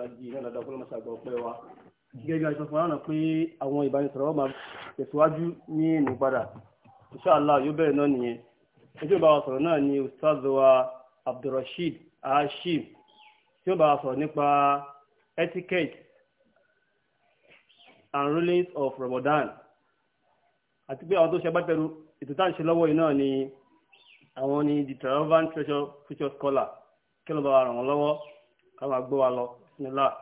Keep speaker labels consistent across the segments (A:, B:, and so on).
A: bá jí iná dáadáa kó ló máa ṣàgbọ̀ ọpẹ́ wa. gẹ́gẹ́ bí a sọ fún wa pé àwọn ìbánisọ̀rọ̀ wa máa tẹ̀síwájú ní ìlú padà inṣàlá yóò bẹ̀rẹ̀ náà nìyẹn ẹjọ́ ìbá sọ̀rọ̀ náà ni ustaz abdulrasheed hashim tí ó bá sọ̀rọ̀ nípa etiquette and rulings of Ramadan àti pé àwọn tó ṣe bá ètò tá à ń ṣe lọ́wọ́ yìí náà ni àwọn ni the relevant future scholar kí ló bá wa ràn wọ́n lọ́wọ́ ká máa gbọ́ wa lọ بسم الله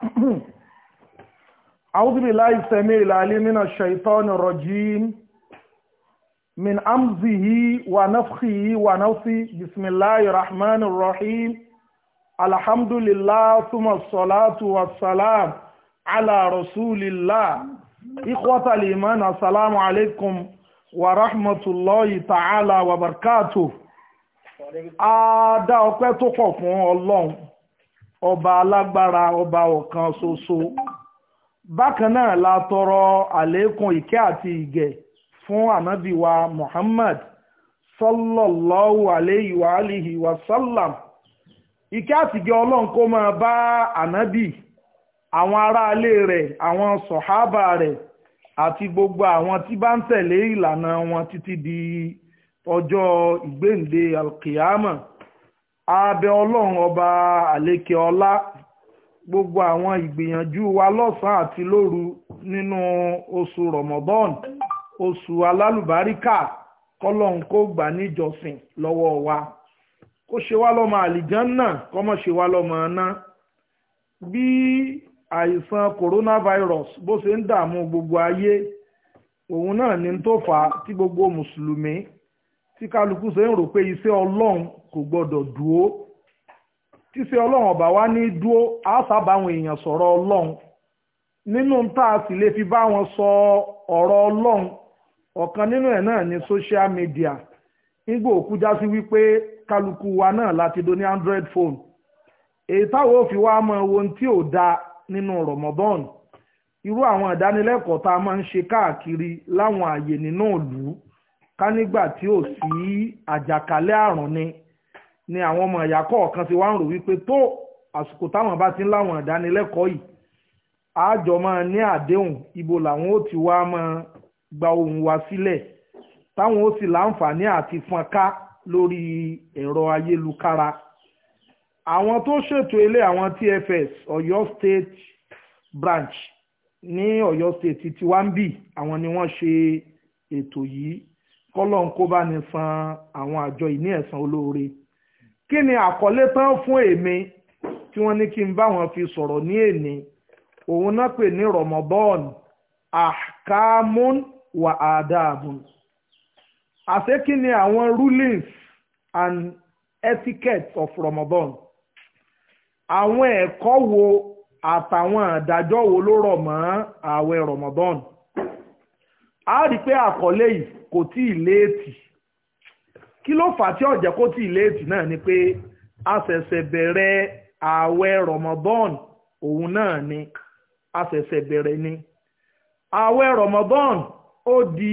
A: أعوذ بالله السميع العليم من الشيطان الرجيم من أمزه ونفخه ونفثه بسم الله الرحمن الرحيم الحمد لله ثم الصلاة والسلام على رسول الله إخوة الإيمان السلام عليكم ورحمة الله تعالى وبركاته a dá ọpẹ́ ọba alágbára ọba ọ̀kan ṣoṣo bákan náà la tọrọ àlékún ìkẹ́ àti ìgẹ̀ fún ànábì Muhammad sallallahu alayhi wa alihi wa sallam ìkẹ́ àti ìgẹ̀ ọlọ́run kó máa bá ànábì àwọn aráalé rẹ̀ àwọn sọ̀hábà rẹ̀ àti gbogbo àwọn tí bá ń tẹ̀lé ìlànà wọn títí di ọjọ́ ìgbéǹde alkiyama. abẹ ọlọrun ọba àlékè ọlá gbogbo àwọn ìgbìyànjú wa lọ́sàn àti lóru nínú oṣù Ramadan oṣù alálùbáríkà kọlọ́run kó gbà níjọsìn lọ́wọ́ wa kó ṣe wá lọ́mọ àlìjánná kọ́mọ ṣe wá lọ́mọ ọ̀nà bí àìsàn coronavirus bó ṣe ń dààmú gbogbo ayé òun náà ni tó fà á tí gbogbo mùsùlùmí tí kálukú ṣe ń rò pé iṣẹ́ ọlọ́run kò gbọ́dọ̀ dúó tíṣẹ́ ọlọ́run ọba wa ní dúó a sábà àwọn èèyàn sọ̀rọ̀ ọlọ́run nínú tá a sì lè fi bá wọn sọ ọ̀rọ̀ ọlọ́run ọ̀kan nínú ẹ̀ náà ni social media nígbà òkú já sí wípé kálukú wa náà láti do ní android phone èyí táwọn ò fi wá mọ ohun tí ò dáa nínú rọmọbọ́ọ̀nù irú àwọn ìdánilẹ́kọ̀ọ́ tá a máa ń ṣe káàkiri láwọn àyè nínú ìlú ká nígbà tí ò sí àjàkálẹ̀ àrùn ni ni àwọn ọmọ ìyá kọ̀ọ̀kan ti wá ń rò wípé tó àsìkò táwọn bá ti ń láwọn ìdánilẹ́kọ̀ọ́ yìí àjọ máa ní àdéhùn ibo làwọn ó ti wá máa gba ohùn wa sílẹ̀ táwọn ó sì láǹfààní àti fọn ká lórí ẹ̀rọ ayélukára àwọn tó ṣètò ilé àwọn TFS Ọ̀yọ́ State branch ní Ọ̀yọ́ State tiwa ń bì àwọn ni wọ́n ṣe ètò yìí kọ́lọ́n kó bá ní san àwọn àjọ yìí ní ẹ̀san olóore kí ni àkọlé tán fún èmi tí wọ́n ní kí n bá wọn fi sọ̀rọ̀ ní èní òun náà pè ní Ramadan ahkamun wa adabun àṣé kí ni àwọn rulings and etiquette of Ramadan àwọn ẹ̀kọ́ wo àtàwọn àdájọ́ wo ló rọ̀ mọ́ ààwẹ̀ Ramadan. a rí pé àkọlé yìí kò tí ì léètì kí ló fà tí ọ̀jẹ̀ kò tí ì léètì náà ni pé a ṣẹ̀ṣẹ̀ bẹ̀rẹ̀ ààwẹ̀ Ramadan òun náà ni a ṣẹ̀ṣẹ̀ bẹ̀rẹ̀ ni ààwẹ̀ Ramadan ó di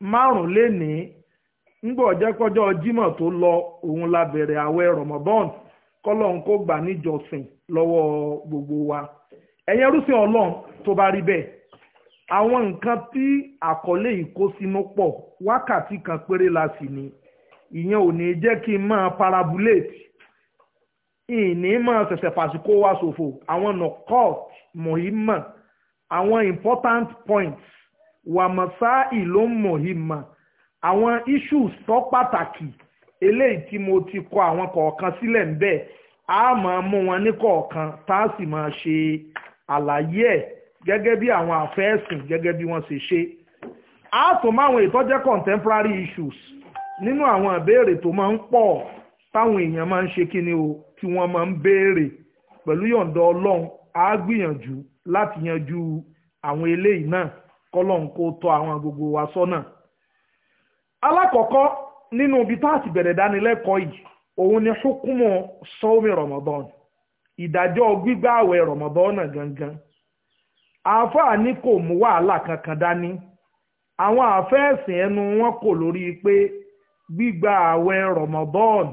A: márùn léni ńgbọ̀ jẹ́ kọjọ́ tó lọ òun la bẹ̀rẹ̀ ààwẹ̀ Ramadan kọ́lọ́hún kó gbà níjọsìn lọ́wọ́ gbogbo wa ẹ̀yin ẹrúsìn Ọlọ́run tó bá rí bẹ́ẹ̀ àwọn nǹkan tí àkọlé yìí kó sínú pọ̀ wákàtí kan péré la sì ní ìyẹn ò ní jẹ́ kí n máa parabulate ìní máa ṣẹ̀ṣẹ̀ fàṣíkò wá ṣòfò àwọn knockout mohima àwọn important points wàmọ̀sá ìlú mohima àwọn issues tó pàtàkì eléyìí tí mo ti kọ àwọn kọ̀ọ̀kan sílẹ̀ ń bẹ̀ a máa mú wọn ní kọ̀ọ̀kan tá a sì máa ṣe àlàyé ẹ̀ gẹ́gẹ́ bí àwọn àfẹ́ẹ̀sìn gẹ́gẹ́ bí wọ́n ṣe ṣe á tún máwọn ìtọ́jẹ́ contemporary issues nínú àwọn ìbéèrè tó máa ń pọ̀ táwọn èèyàn máa ń ṣe kí ni o tí wọ́n máa ń béèrè pẹ̀lú yọ̀ǹda ọlọ́run á gbìyànjú láti yanjú àwọn eléyìí náà kọ́lọ́n kó tọ́ àwọn gbogbo wa sọ́nà. alákọ̀ọ́kọ́ nínú ibi tá a ti bẹ̀rẹ̀ dánilẹ́kọ̀ọ́ yìí òun ni hukumu sọ́ọ́mì rọ̀mọ́dọ́n ìdájọ́ gbígbà àwẹ̀ náà gangan àáfàá ní kò mú wàhálà kankan dání àwọn àfẹ́ẹ̀sìn ẹnu wọn kò lórí pé gbígba ààwẹ̀ Ramadan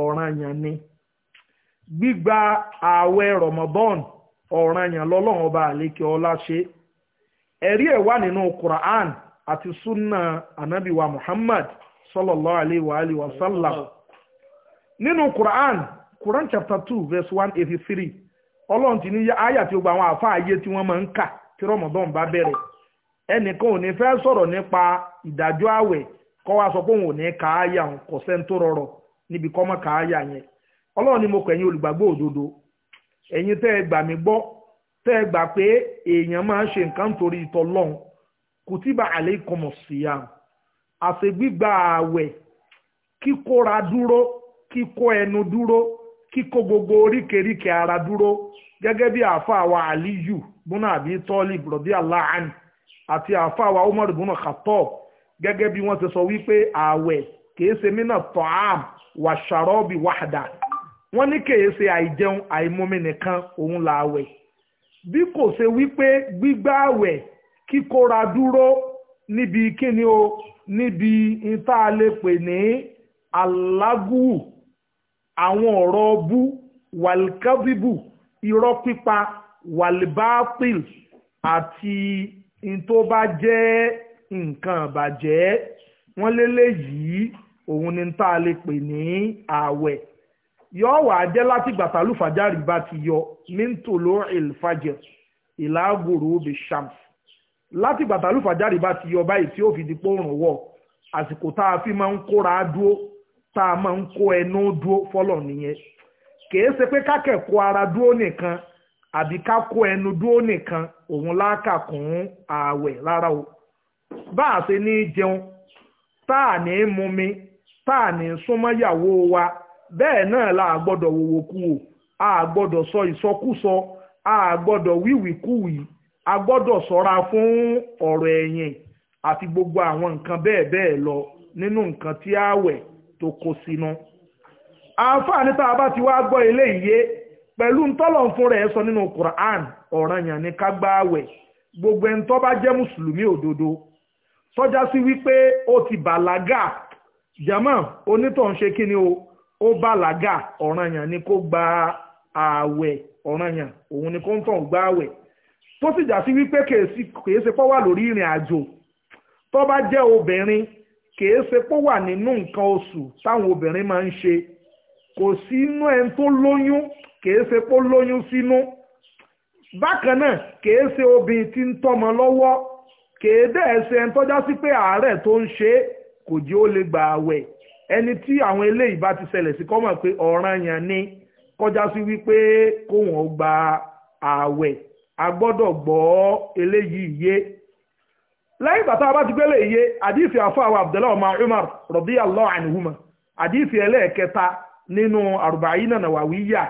A: ọ̀ranyàn ni gbígba ààwẹ̀ Ramadan ọ̀ranyàn lọ́lọ́run ọba àlékè ọlá ṣe ẹ̀rí ẹ̀ wà nínú Quran àti sunna anabiwa Muhammad sallallahu alayhi wa alayhi wa sallam nínú ọlọ́run ti ní àyà tí gba àwọn àfa ayé tí wọ́n máa ń kà tí rọmọdọ́n bá bẹ̀rẹ̀ ẹnìkan ò ní fẹ́ sọ̀rọ̀ nípa ìdájọ́ àwẹ̀ kọ́ wa sọ pé ní ka àyà òun kò sẹ́ni yẹn ni mo kọ ẹ̀yin olùgbàgbọ́ òdodo ẹ̀yin tẹ́ ẹ gbà mí gbọ́ tẹ́ ẹ gbà pé èèyàn máa ń ṣe nǹkan torí kíkó gbogbo oríkèríkè ara dúró gẹ́gẹ́ bí àáfàá wa aliyu bùnà àbí tọ́lì bùrọ̀dí aláàánì àti àáfàá wa umar bùnà khattab gẹ́gẹ́ bí wọ́n ti sọ wípé ààwẹ̀ kìí ṣe mínà tọ́ám wà ṣàrọ́ọ̀bì wàhádà wọ́n ní kìí ṣe àìjẹun àìmumi nìkan òun làwẹ̀ bí kò ṣe wípé gbígbà àwẹ̀ kíkóra dúró níbi kíni o níbi ìta lè pè ní alágùwù àwọn ọ̀rọ̀ ọbú wàlkẹ́bíbù irọ́ pípa wàlbápìl àti tó bá jẹ́ nǹkan àbàjẹ́ wọ́n léléyìí òun ni tá a lè pè ní ààwẹ̀ yóò wà á jẹ́ láti gbàtà lùfàjárì bá ti yọ mintolo ilfajr ìlàgòrò bishams láti gbàtà lùfàjárì bá ti yọ báyìí tí ó fi di pé òrùn wọ̀ àsìkò tá a fi máa ń kóra dúró tá a máa ń kó ẹnu dúró fọ́lọ̀ nìyẹn kìí ṣe pé kákẹ́kọ̀ọ́ ara dúró nìkan àbí ká kó ẹnu dúró nìkan òun láàkà kún ààwẹ̀ rárá o bá a ṣe ní jẹun tá à ní mumi tá à ní súnmọ́ wa bẹ́ẹ̀ náà la gbọ́dọ̀ wòwò kú o a gbọ́dọ̀ sọ ìsọkúsọ a gbọ́dọ̀ wíwìkúwì a gbọ́dọ̀ sọ́ra fún ọ̀rọ̀ ẹ̀yìn àti gbogbo àwọn nǹkan bẹ́ẹ̀ bẹ́ẹ̀ lọ nínú nǹkan tí ààwẹ̀ tó kó sínú àǹfààní tá a bá ti wá gbọ́ ilé ìyé pẹ̀lú ntọ́lọ̀ fún rẹ̀ sọ nínú Quran ọ̀ranyàn ni ká gbààwẹ̀ gbogbo ẹni tó bá jẹ́ mùsùlùmí òdodo sọ́jà sí wípé ó ti bàlágà jama onítọ̀ ń ṣe kí ni o ó bàlágà ọ̀ranyàn ni kó gba ààwẹ̀ ọ̀ranyàn òun ni kó ń tàn gba ààwẹ̀ tó sì jà sí wípé kèé ṣe pọ́ wà lórí ìrìn àjò tó bá jẹ́ obìnrin kìí ṣe pé wà nínú nǹkan oṣù táwọn obìnrin máa ń ṣe kò sí inú ẹni tó lóyún kìí ṣe pé lóyún sínú bákan náà kìí ṣe obìnrin tí ń tọ́mọ lọ́wọ́ kìí dẹ̀ ṣe ẹni tọ́já sí pé àárẹ̀ tó ń ṣe kò jẹ́ ó lè gbà àwẹ̀ ẹni tí àwọn eléyìí bá ti ṣẹlẹ̀ sí kọ́mọ̀ pé ọ̀ranyàn ni kọjá sí wípé kóhùn ó gba àwẹ̀ a gbọ́dọ̀ gbọ́ eléyìí yé lẹ́yìn bàtà bá ti gbélé iye àdìsí àfọwọ́ abdullahi ọmọ umar radiyallahu anhuma àdìsí ẹlẹ́ẹ̀kẹta nínú àrùbáyínà nàwáwíyà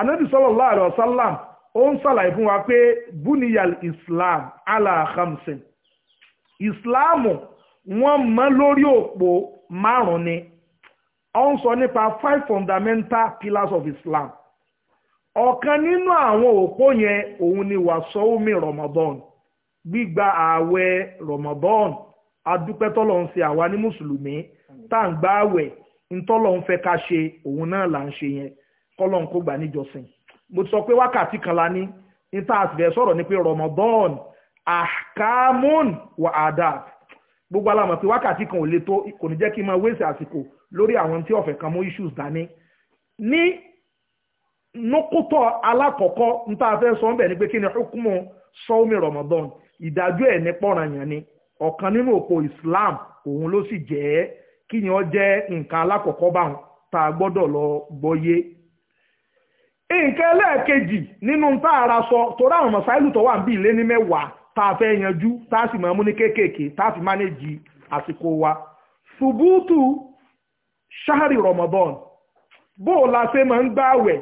A: anabi sallallahu alaihi wasallam ó ń sàlàyé fún wa pé buniyal islam ala khamsin ìsìláàmù wọ́n mọ́ lórí òpó márùn-ún ni ó ń sọ nípa five fundamental pillars of islam ọ̀kan nínú àwọn òpó yẹn òun ni wàsọ́ọ́mì ramadan gbígba ààwẹ̀ rọ̀mọ̀bọ́ọ̀n adúpẹ́ tọ́lọ̀ ń ṣe àwa ní mùsùlùmí tá à ń gbá ààwẹ̀ ntọ́lọ̀ ń fẹ́ ká ṣe òun náà là ń ṣe yẹn kọ́lọ̀ ń kó gbà níjọsìn mo ti sọ pé wákàtí kan la ní níta àtìfẹ́ sọ̀rọ̀ ni pé rọ̀mọ̀bọ́ọ̀n àkàmún wà àdáàb gbogbo alamọ̀ pé wákàtí kan ò le tó kò ní jẹ́ kí n máa wéṣẹ̀ àsìkò lórí àwọn tí ọ̀fẹ́ kan mú issues dání ní nukutọ alákọ̀ọ́kọ́ níta sọ ń bẹ̀ ni pé kí ni hukumu sọ́ọ́mì rọ̀mọ̀bọ́ọ̀n ìdájọ́ ẹ̀ ní pọ̀ranyàn ni ọ̀kan nínú òpó Islam òun ló sì jẹ́ kí ni ó jẹ́ nǹkan alákọ̀ọ́kọ́ báwọn tá a gbọ́dọ̀ lọ gbọ́yé. nǹkan ẹlẹ́ẹ̀kejì nínú tá a ra sọ torí àwọn mọ̀sáìlù tó wà ń bí ilé ní mẹ́wàá tá a fẹ́ yanjú tá a sì máa mú ní kéékèèké tá a fi mánéjì àsìkò wa. ṣùbútù ṣáàrì Ramadan bó o la ṣe máa ń gbààwẹ̀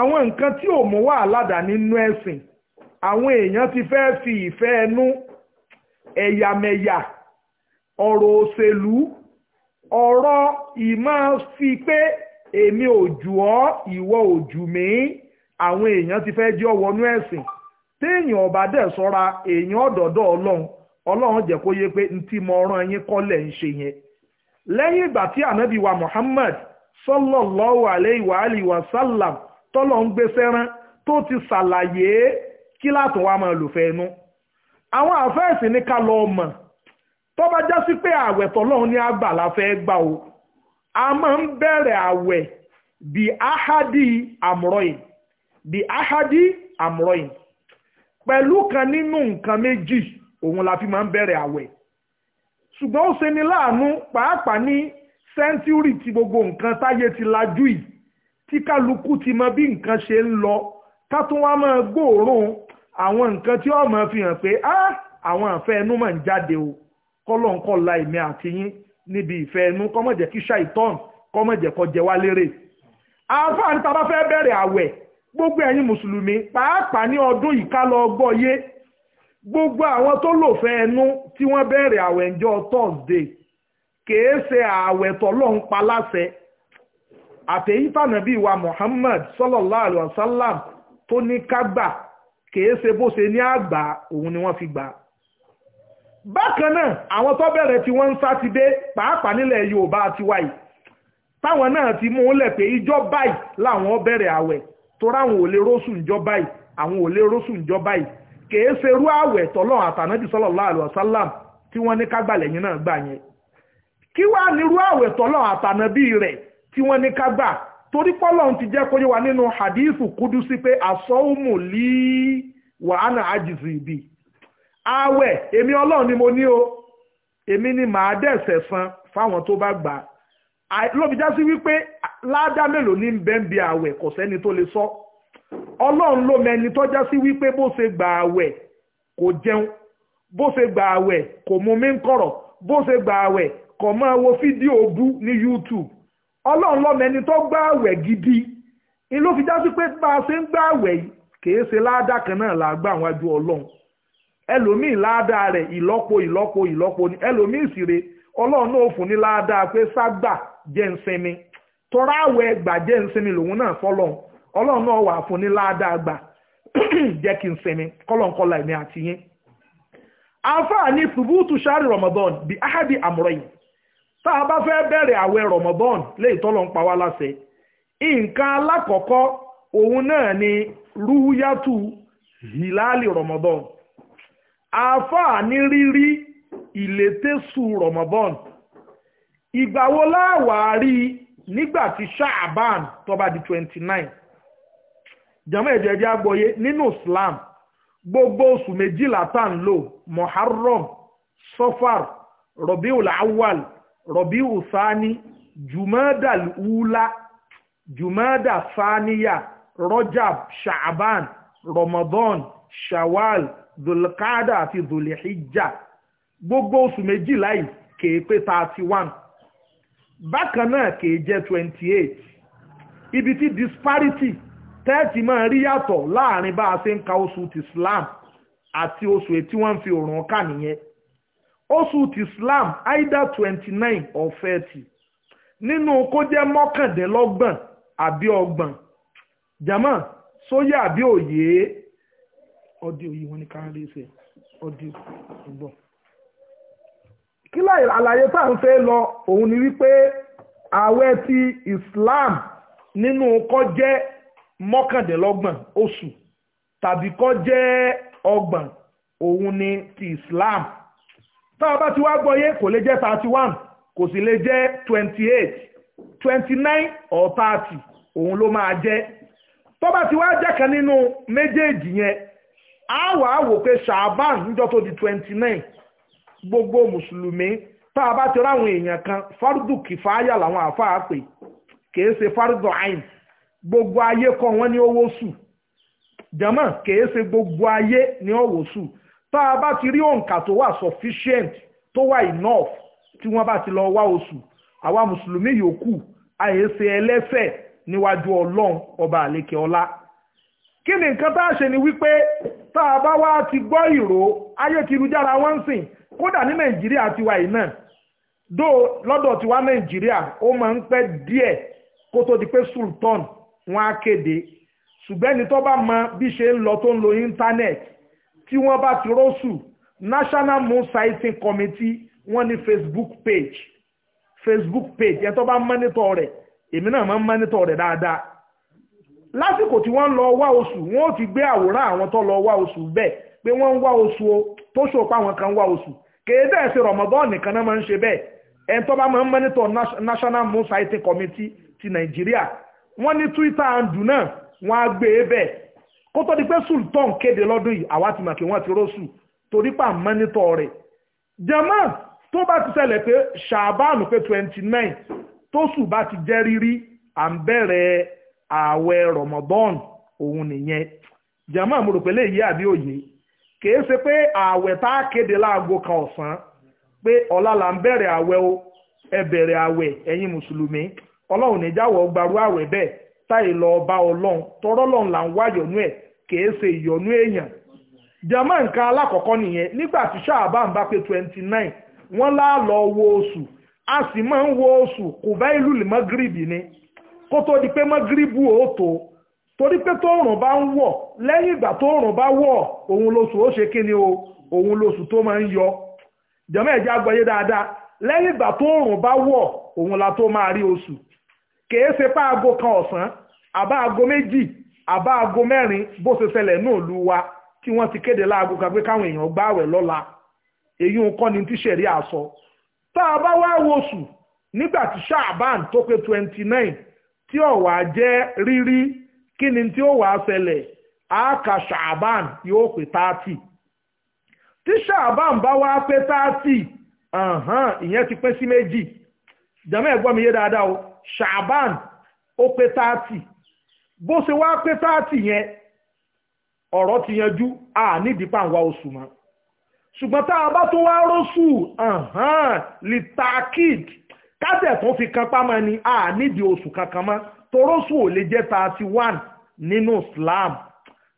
A: àwọn nǹkan tí ò mú wàhálà dà nínú ẹ̀sìn àwọn èèyàn ti fẹ́ fi ìfẹ́ ẹnu ẹ̀yàmẹ̀yà ọ̀rọ̀ òṣèlú ọ̀rọ̀ ìmọ̀ fi pé èmi ò jù ọ́ ìwọ ò jù mí àwọn èèyàn ti fẹ́ jẹ́ ọwọ́nú ẹ̀sìn téèyàn ọba dẹ̀ sọ́ra èèyàn ọ̀dọ̀dọ̀ ọlọ́run ọlọ́run jẹ́ kó yé pé mo rán yín kọ́lẹ̀ ń ṣe Muhammad ń gbé sẹ́rán ti ṣàlàyé kí látún wá máa lòfẹ́ inú àwọn àfẹ́ẹ̀sì ní ká lọ mọ̀ tó bá já sí pé ààwẹ̀ tọ́lọ́run ní àgbà la fẹ́ gbà o a máa ń bẹ̀rẹ̀ ààwẹ̀ bí ahadi amroin bí ahadi amroin pẹ̀lú kan nínú nǹkan méjì òun la fi máa ń bẹ̀rẹ̀ ààwẹ̀ ṣùgbọ́n ó ṣe ni láàánú pàápàá ní sẹ́ńtúrì tí gbogbo nǹkan táyé ti lajú yìí tí kálukú ti mọ bí nǹkan ṣe ń lọ ká tún wá máa gbòòrùn àwọn nǹkan tí ọmọ fi hàn pé ah, àwọn àfẹ́ ẹnu máa ń jáde o kọ́lọ́ǹkọ́lá èmi àti yín níbi ìfẹ́ ẹnu kọ́mọ̀jẹ́ kí ṣàìtọ́n kọ́mọ̀jẹ́ kọ́ jẹ wá lérè àáfàá ní tàbá fẹ́ bẹ̀rẹ̀ àwẹ̀ gbogbo ẹ̀yin mùsùlùmí pàápàá ní ọdún yìí ká lọ gbọ́ yé gbogbo àwọn tó lò fẹ́ ẹnu tí wọ́n bẹ̀rẹ̀ àwẹ̀ ńjọ́ Thursday kèé ṣe àwẹ̀ tọ́lọ́hún pa láṣẹ àtẹ̀yítànàbí wa Muhammad sallallahu alayhi wa sallam tó ní ká gbà kìí ṣe bó ṣe ní àgbà òun ni wọ́n fi gbà bákan náà àwọn tó bẹ̀rẹ̀ tí wọ́n ń sátidé pàápàá nílẹ̀ Yorùbá àti wáyìí táwọn náà ti mú lẹ̀ pé ìjọ báyìí làwọn bẹ̀rẹ̀ àwẹ̀ tó ráwọn ò lè rósù ìjọ báyìí àwọn ò lè rósù ìjọ báyìí kìí ṣe irú àwẹ̀ tọ́lọ́ àtànájì sallallahu alaihi wasallam tí wọ́n ní kágbàlẹ̀ yín náà gbà yẹn kí wàá nírú àwẹ̀ tọ́lọ́ àtànábì rẹ̀ tí wọ́n ní kágbà torí pọ́lọ́n ti jẹ́ kó wa nínú hadithu kudusi pé asọ́ọ̀mù lí wàhánà àjìzì bì àwẹ̀ èmi ọlọ́run ni mo ní o èmi ni màá dẹ̀sẹ̀ san fáwọn tó bá gbà á lóbi sí wípé ládá mélòó ní bẹ́ẹ̀ bí àwẹ̀ kò sẹ́ni tó lè sọ ọlọ́run ló mẹni tó já sí wípé bó ṣe gbà àwẹ̀ kò jẹun bó ṣe gbà àwẹ̀ kò mú mi ń kọ̀rọ̀ bó ṣe gbà àwẹ̀ kò máa wo fídíò bú ní YouTube ọlọ́run lọ́mọ ẹni tó gbá àwẹ̀ gidi ni ló fi já sí pé bá a ṣe ń gbá àwẹ̀ yìí kìí ṣe láàdá kan náà là gbà wájú ọlọ́run ẹlòmíì rẹ̀ ìlọ́po ìlọ́po ìlọ́po ni ẹlòmíì sì ọlọ́run náà fún ní láàdá pé ságbà jẹ́ ń sinmi tọ́ra àwẹ̀ jẹ́ ń sinmi wà fún ní gbà jẹ́ kí n sinmi ẹ̀mí Ramadan ahadi tá a bá fẹ́ bẹ̀rẹ̀ àwẹ̀ rọ̀mọ̀bọ́n lè tọ́lọ̀ ń pa wá láṣẹ nǹkan alákọ̀ọ́kọ́ òun náà ni rúyàtú hilali rọ̀mọ̀bọ́n àáfàá ní rírí ìlétésù rọ̀mọ̀bọ́n ìgbà wo láwàá rí nígbà tí ṣáàbàn tó di twenty nine jàmọ́ ẹ̀jẹ̀ ẹ̀jẹ̀ agbọ̀yé nínú Islam gbogbo oṣù méjìlá tá à ń lò Muharram Sofar Rabiul Awwal rọ̀bí ùsáni jùmọ́dà wúlá jùmọ́dà fáníyà rọ́jàb ṣàbán rọmọdán ṣàwàl dùlùkádà àti dùlùhíjà gbogbo oṣù méjìlá yìí kèé pé thirty one bákan náà kèé jẹ́ twenty eight ibi tí disparity tẹ́ẹ̀tì máa rí yàtọ̀ láàrin bá a ṣe ń ka oṣù tìsílám àti oṣù ètí wọ́n ń fi òrùn ká nìyẹn oṣù ti islam either twenty nine or thirty nínú kó jẹ́ mọ́kàndínlọ́gbọ̀n àbí ọgbọ̀n jama sóyè àbí òye ọdí òye wọn ni káwọn lè ṣe ọdí ọgbọ̀n. kí àlàyé tá à ń fẹ́ lọ òun ni wípé ààwẹ̀ ti islam nínú kó jẹ́ mọ́kàndínlọ́gbọ̀n oṣù tàbí kó jẹ́ ọgbọ̀n òun ni ti islam. tá bá ti wá gbọ́ yé kò lè jẹ́ thirty kò sì lè jẹ́ twenty eight twenty nine or ló máa jẹ́ tó bá ti wá jẹ́ nínú méjèèjì yẹn á wà wò pé níjọ́ tó di twenty gbogbo mùsùlùmí tá bá ti ráwọn èèyàn kan fardu kìfáyà làwọn àáfàá pè kìí ṣe gbogbo ayé kọ́ wọn ní owó sù kìí ṣe gbogbo ayé ní owó sù tá a bá ti rí òǹkà tó wà sufficient tó wà enough tí wọ́n bá ti lọ wá oṣù àwa mùsùlùmí yòókù àyèsè ẹlẹ́sẹ̀ níwájú ọlọ́run ọba àlékè ọlá kí ni nǹkan tá a ṣe ni wípé tá a bá wá ti gbọ́ ìró ayétirújára wọ́n ń sìn kódà ní nàìjíríà ti wà yìí náà dó lọ́dọ̀ tiwa nàìjíríà ó máa ń pẹ́ díẹ̀ kó tó di pé sultan wọn á kéde ṣùgbẹ́ni tó bá mọ bí ṣe ń lọ tó ń lo íńtánẹ́ẹ̀tì tí wọ́n bá ti rọ́ṣù national moon sighting committee wọ́n ní facebook page facebook page ẹ̀ tó bá mọ́nítọ̀ rẹ̀ èmi náà máa ń mọ́nítọ̀ rẹ̀ dáadáa lásìkò tí wọ́n lọ wá oṣù wọ́n ò ti gbé àwòrán àwọn tó lọ wá oṣù bẹ́ẹ̀ pé wọ́n ń wá oṣù o tó ṣòpá àwọn kan wá oṣù kéde ẹ̀sìn rọ̀mọ́dán nìkan náà máa ń ṣe bẹ́ẹ̀ ẹni tó bá máa ń mọ́nítọ̀ national moon sighting committee ti nàìjíríà wọ́n ní twitter handle náà wọ́n á gbé e bẹ́ẹ̀ kó tó di pé sultan kéde lọ́dún yìí àwa ti màkì wọ́n ti rọ́ṣù torí pa mọ́nítọ̀ rẹ̀ jẹ́mọ́ tó bá ti ṣẹlẹ̀ pé ṣàbánu pé twenty nine tóṣù bá ti jẹ́ rírí à ń bẹ̀rẹ̀ ààwẹ̀ rọmọdọ́n òun nìyẹn jẹ́mọ́ mo rò pé léyìí àbí òye kìí ṣe pé ààwẹ̀ tá a kéde láago kan ọ̀sán pé ọ̀la là ń bẹ̀rẹ̀ ààwẹ̀ o ẹ bẹ̀rẹ̀ ààwẹ̀ ẹ̀yin mùsùlùmí ọlọ́run níjàwọ̀ gbarú ààwẹ̀ bẹ́ẹ̀ táyì lọ bá ọlọ́run tọrọ́ lọ́run là ń wáyọ̀ nú ẹ̀ keese ṣe ìyọnú èèyàn jama nǹkan alákọ̀ọ́kọ́ nìyẹn nígbà tí ṣáàbà ń bá pé twenty nine wọ́n wo a sì máa ń wo oṣù kò bá ìlú lè ni kó tó di pé mọ́gírìbù ó tó torí pé tóòrùn bá ń wọ̀ lẹ́yìn ìgbà tóòrùn bá wọ̀ òun lóṣù ó ṣe kí ni o òun lóṣù tó máa ń yọ jama ẹ̀já gbọ́yé dáadáa lẹ́yìn ìgbà tóòrùn bá wọ̀ òun la tó máa rí oṣù kan àbá aago mẹ́rin bó ṣe ṣẹlẹ̀ náà lu wa tí wọ́n ti kéde láago kan pé káwọn èèyàn gbáwẹ̀ lọ́la èyí ń kọ́ ni tíṣẹ̀rí àsọ tá a bá wá wo nígbà tí ṣáàbàn tó pé twenty nine tí ọ̀wà jẹ́ rírí kí ni tí ó wàá ṣẹlẹ̀ àáka ṣáàbàn yóò pé thirty tí ṣáàbàn bá wá pé thirty ìyẹn ti pín sí méjì jàmọ́ ẹ̀gbọ́n mi yé dáadáa o ṣáàbàn ó pé thirty bó ṣe wá pé táàtì yẹn ọ̀rọ̀ ti yanjú a nídìí pàǹwá oṣù mọ́ ṣùgbọ́n tá a bá tó wá rọ́ṣù litakid kásẹ̀ tó fi kan pámọ́ ni a nídìí oṣù kankan mọ́ tó rọ́ṣù ò lè jẹ́ thirty one nínú Islam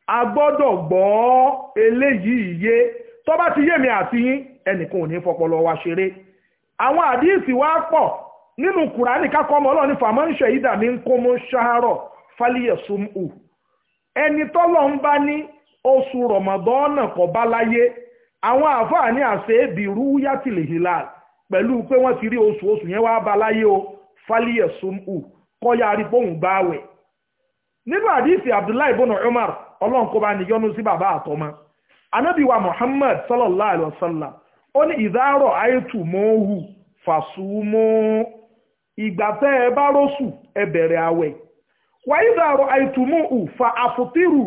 A: a gbọ́dọ̀ gbọ́ eléyìí yé tó bá ti yé mi àti yín ẹnìkan ò ní fọpọlọ wa ṣeré àwọn àdíìsì wa pọ̀ nínú Kùránì kákọ́ ọmọ ọlọ́ọ̀ni fàmọ́ ń ṣe ìdàmí ń kó mú ṣáárọ̀ fálíyà súnmù ẹni tọ́lọ̀ ń bá ní oṣù rọ̀mọ̀dọ́nà kò bá láyé àwọn àáfàá ní àṣẹ ìbírú yàtìlẹ̀ hilal pẹ̀lú pé wọ́n ti rí oṣù oṣù yẹn wá bá láyé o fálíyà kọ́ ya rí bóun gbá wẹ̀ nínú àdìsí abdullahi ibn umar ọlọ́run kó bá níyọnu sí bàbá àtọmọ anábìwa muhammad sallallahu alayhi wa sallam ó ní ìdárọ̀ àìtùmọ́hù fàṣùmọ́ ìgbà tẹ́ wàyídà ọ̀rọ̀ àìtùmùhù fa àfòtírù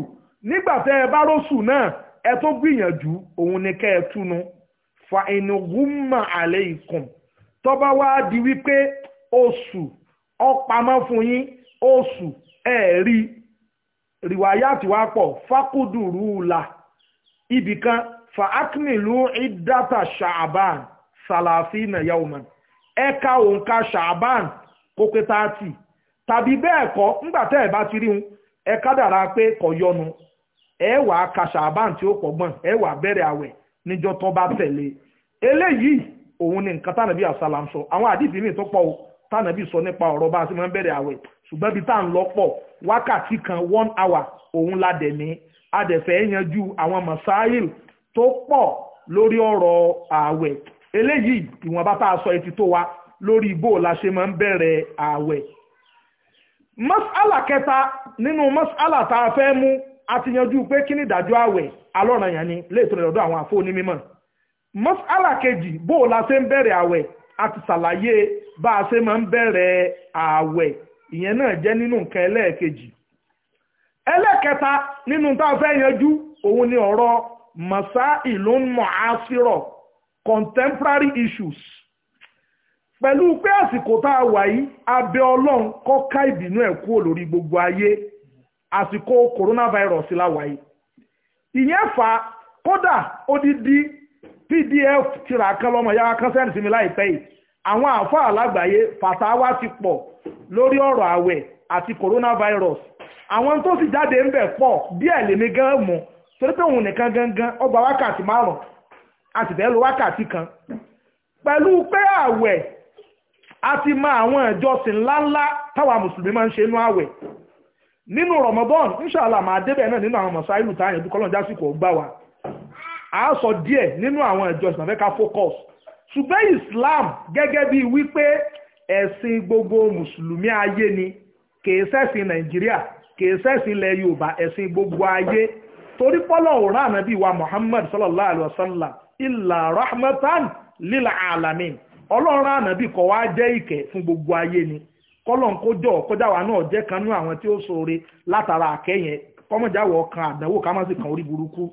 A: nígbà tẹ́ ẹ bá rọ́ṣù náà ẹ tó gbìyànjú òun ni kẹ́ ẹ túnu fa ìnùgúnmà àlẹ́ ìkùn tọ́ba wá di wípé oṣù ọ̀pamọ́ fún yín oṣù ẹ̀ẹ́rí rìwáyàtì wá pọ̀ fákùdùrú ibìkan fa akmilu idata sha'aban salafina yawman ẹ̀ka òǹkà sha'aban kókè 30 tàbí bẹ́ẹ̀ kọ́ ńgbà tẹ́ ẹ̀ bá ti rí un ẹ kádàrá pé kò yọnu ẹ wà á ka ṣàbán tí ó pọ̀gbọ́n ẹ wà bẹ̀rẹ̀ àwẹ̀ níjọ́ tó bá tẹ̀lé eléyìí òun ni nǹkan tánàbí àsálàm sọ àwọn àdìsí mi tó pọ̀ o tánàbí sọ nípa ọ̀rọ̀ bá a sì máa ń bẹ̀rẹ̀ àwẹ̀ ṣùgbọ́n ibi tá à ń lọ pọ̀ wákàtí kan one hour òun la dẹ̀ ní adẹ̀fẹ́ yanjú àwọn masáyìl tó pọ̀ lórí ọ̀rọ̀ àwẹ̀ eléyìí ìwọ̀nba tá a sọ etí tó wa lórí bó la ṣe máa ń bẹ̀rẹ̀ àwẹ̀ masala kẹta nínú masala tá a fẹ́ mú a ti yanjú pé kí ni ìdájọ́ àwẹ̀ alọ́ranyàn ni léètò rẹ̀ lọ́dọ̀ àwọn àfọ onímọ̀ masala kejì bó o la ṣe ń bẹ̀rẹ̀ àwẹ̀ a ti ṣàlàyé bá a ṣe máa ń bẹ̀rẹ̀ àwẹ̀ ìyẹn náà jẹ́ nínú nǹkan ẹlẹ́ẹ̀kejì ẹlẹ́ẹ̀kẹta nínú tá a fẹ́ yanjú òun ni ọ̀rọ̀ masa ìlú mọ̀ asírọ̀ contemporary issues pẹ̀lú pé àsìkò tá a wà yìí abẹ́ ọlọ́run kó ìbínú ẹ̀ kúrò lórí gbogbo ayé àsìkò coronavirus la wà yìí ìyẹn fa kódà odidi pdf tìrà kan lọ́mọ yàrá kan sẹ́ni sí láìpẹ́ yìí àwọn àáfàá lágbàáyé fàtàwá ti pọ̀ lórí ọ̀rọ̀ ààwẹ̀ àti coronavirus àwọn tó sì jáde ń bẹ̀ gangan wákàtí márùn-ún wákàtí kan pẹ̀lú pé a ti mọ àwọn ìjọsìn ńláńlá táwa mùsùlùmí máa ń ṣe inú àwẹ̀ nínú Ramadan inṣàlá máa débẹ̀ náà nínú àwọn mọ̀sáìlù táyà ìdúkọ́ lọ́nà jásìkò gbà wá a sọ díẹ̀ nínú àwọn ìjọsìn àfẹ́ká focus ṣùgbọ́n Islam gẹ́gẹ́ bí wípé ẹ̀sìn gbogbo mùsùlùmí ayé ni kìí ṣẹ̀sìn Nàìjíríà kìí ṣẹ̀sìn ilẹ̀ Yorùbá ẹ̀sìn gbogbo ayé torí pọ́lọ̀ òrán ànábì wa Muhammad sallallahu alayhi wa sallam illa rahmatan lil alamin ọlọ́run ànábì kọ́ wá jẹ́ ìkẹ́ fún gbogbo ayé ni kọ́lọ́n kó jọ kọjá náà jẹ́ kanú àwọn tí ó ṣoore látara àkẹ́yẹn kọ́mọ̀jáwọ̀ kan àdánwò ká má sì kan orí burúkú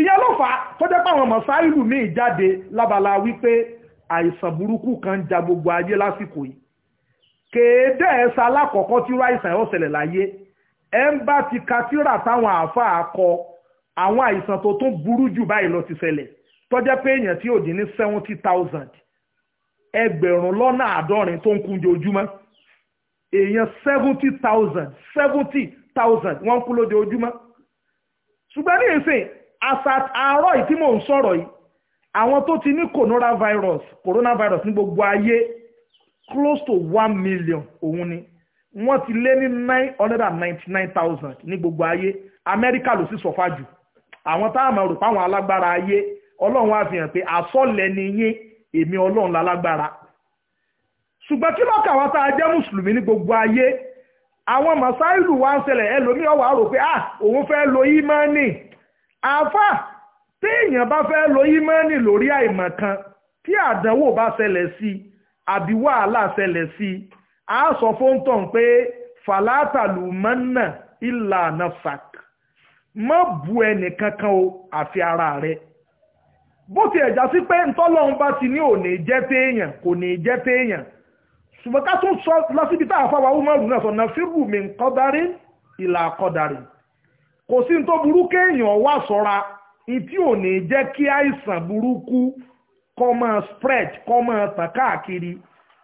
A: ìyẹn ló fà á kọjá páwọn mọ̀sáìlù míì jáde lábala wípé àìsàn burúkú kan ja gbogbo ayé lásìkò yìí kéde ẹ̀sà alákọ̀ọ́kọ́ tí irú àìsàn yóò ṣẹlẹ̀ láyé ẹ̀ ń bá ti ka tíra táwọn àáfàá kọ àwọn àìsàn tó tún burú jù báyìí lọ ti ṣẹlẹ̀ tọ́jẹ́ pé èèyàn tí ò dín ní seventy thousand ẹgbẹ̀rún lọ́nà àádọ́rin tó ń kú ojoojúmọ́ èèyàn seventy thousand seventy thousand wọ́n ń kú lójoojúmọ́ ṣùgbọ́n ní ìsìn àṣà àárọ̀ yìí tí mò ń sọ̀rọ̀ yìí àwọn tó ti ní coronavirus coronavirus ní gbogbo ayé close to one million òun ni wọ́n ti lé ní nine hundred and ninety nine thousand ní gbogbo ayé amẹ́ríkà ló sì sọ̀fà jù àwọn táwọn ọmọ rò pé àwọn alágbára ayé ọlọ́run á pé àsọ̀lẹ̀ yín èmi ọlọ́run lálágbára ṣùgbọ́n kí lọ́kà wá tá a jẹ́ mùsùlùmí ní gbogbo ayé àwọn màsáìlù wa ń ṣẹlẹ̀ ẹlòmíì ọ̀wà rò pé ah òun fẹ́ lo ímánì àáfà téèyàn bá fẹ́ lo ímánì lórí àìmọ̀ kan tí àdánwò bá ṣẹlẹ̀ sí i àbí wàhálà ṣẹlẹ̀ sí i a sọ fóńtàn pé fàlátàlù mọ́nà ìlànà sàk má bu ẹnìkankan o àfi ara rẹ̀ bó ti ẹ̀já sí pé bá ti ní òní jẹ́ téèyàn kò ní jẹ́ téèyàn ṣùgbọ́n ká tún sọ lọ́síbi tá àfáwà umaru náà sọ̀nà fíìrù mi nkọ́darí ìlà àkọ́darí kò sí ní tó burú kéèyàn wà sọ́ra ìtí òní jẹ́ kí àìsàn burúkú kọ́ máa spread kọ́ máa tàn káàkiri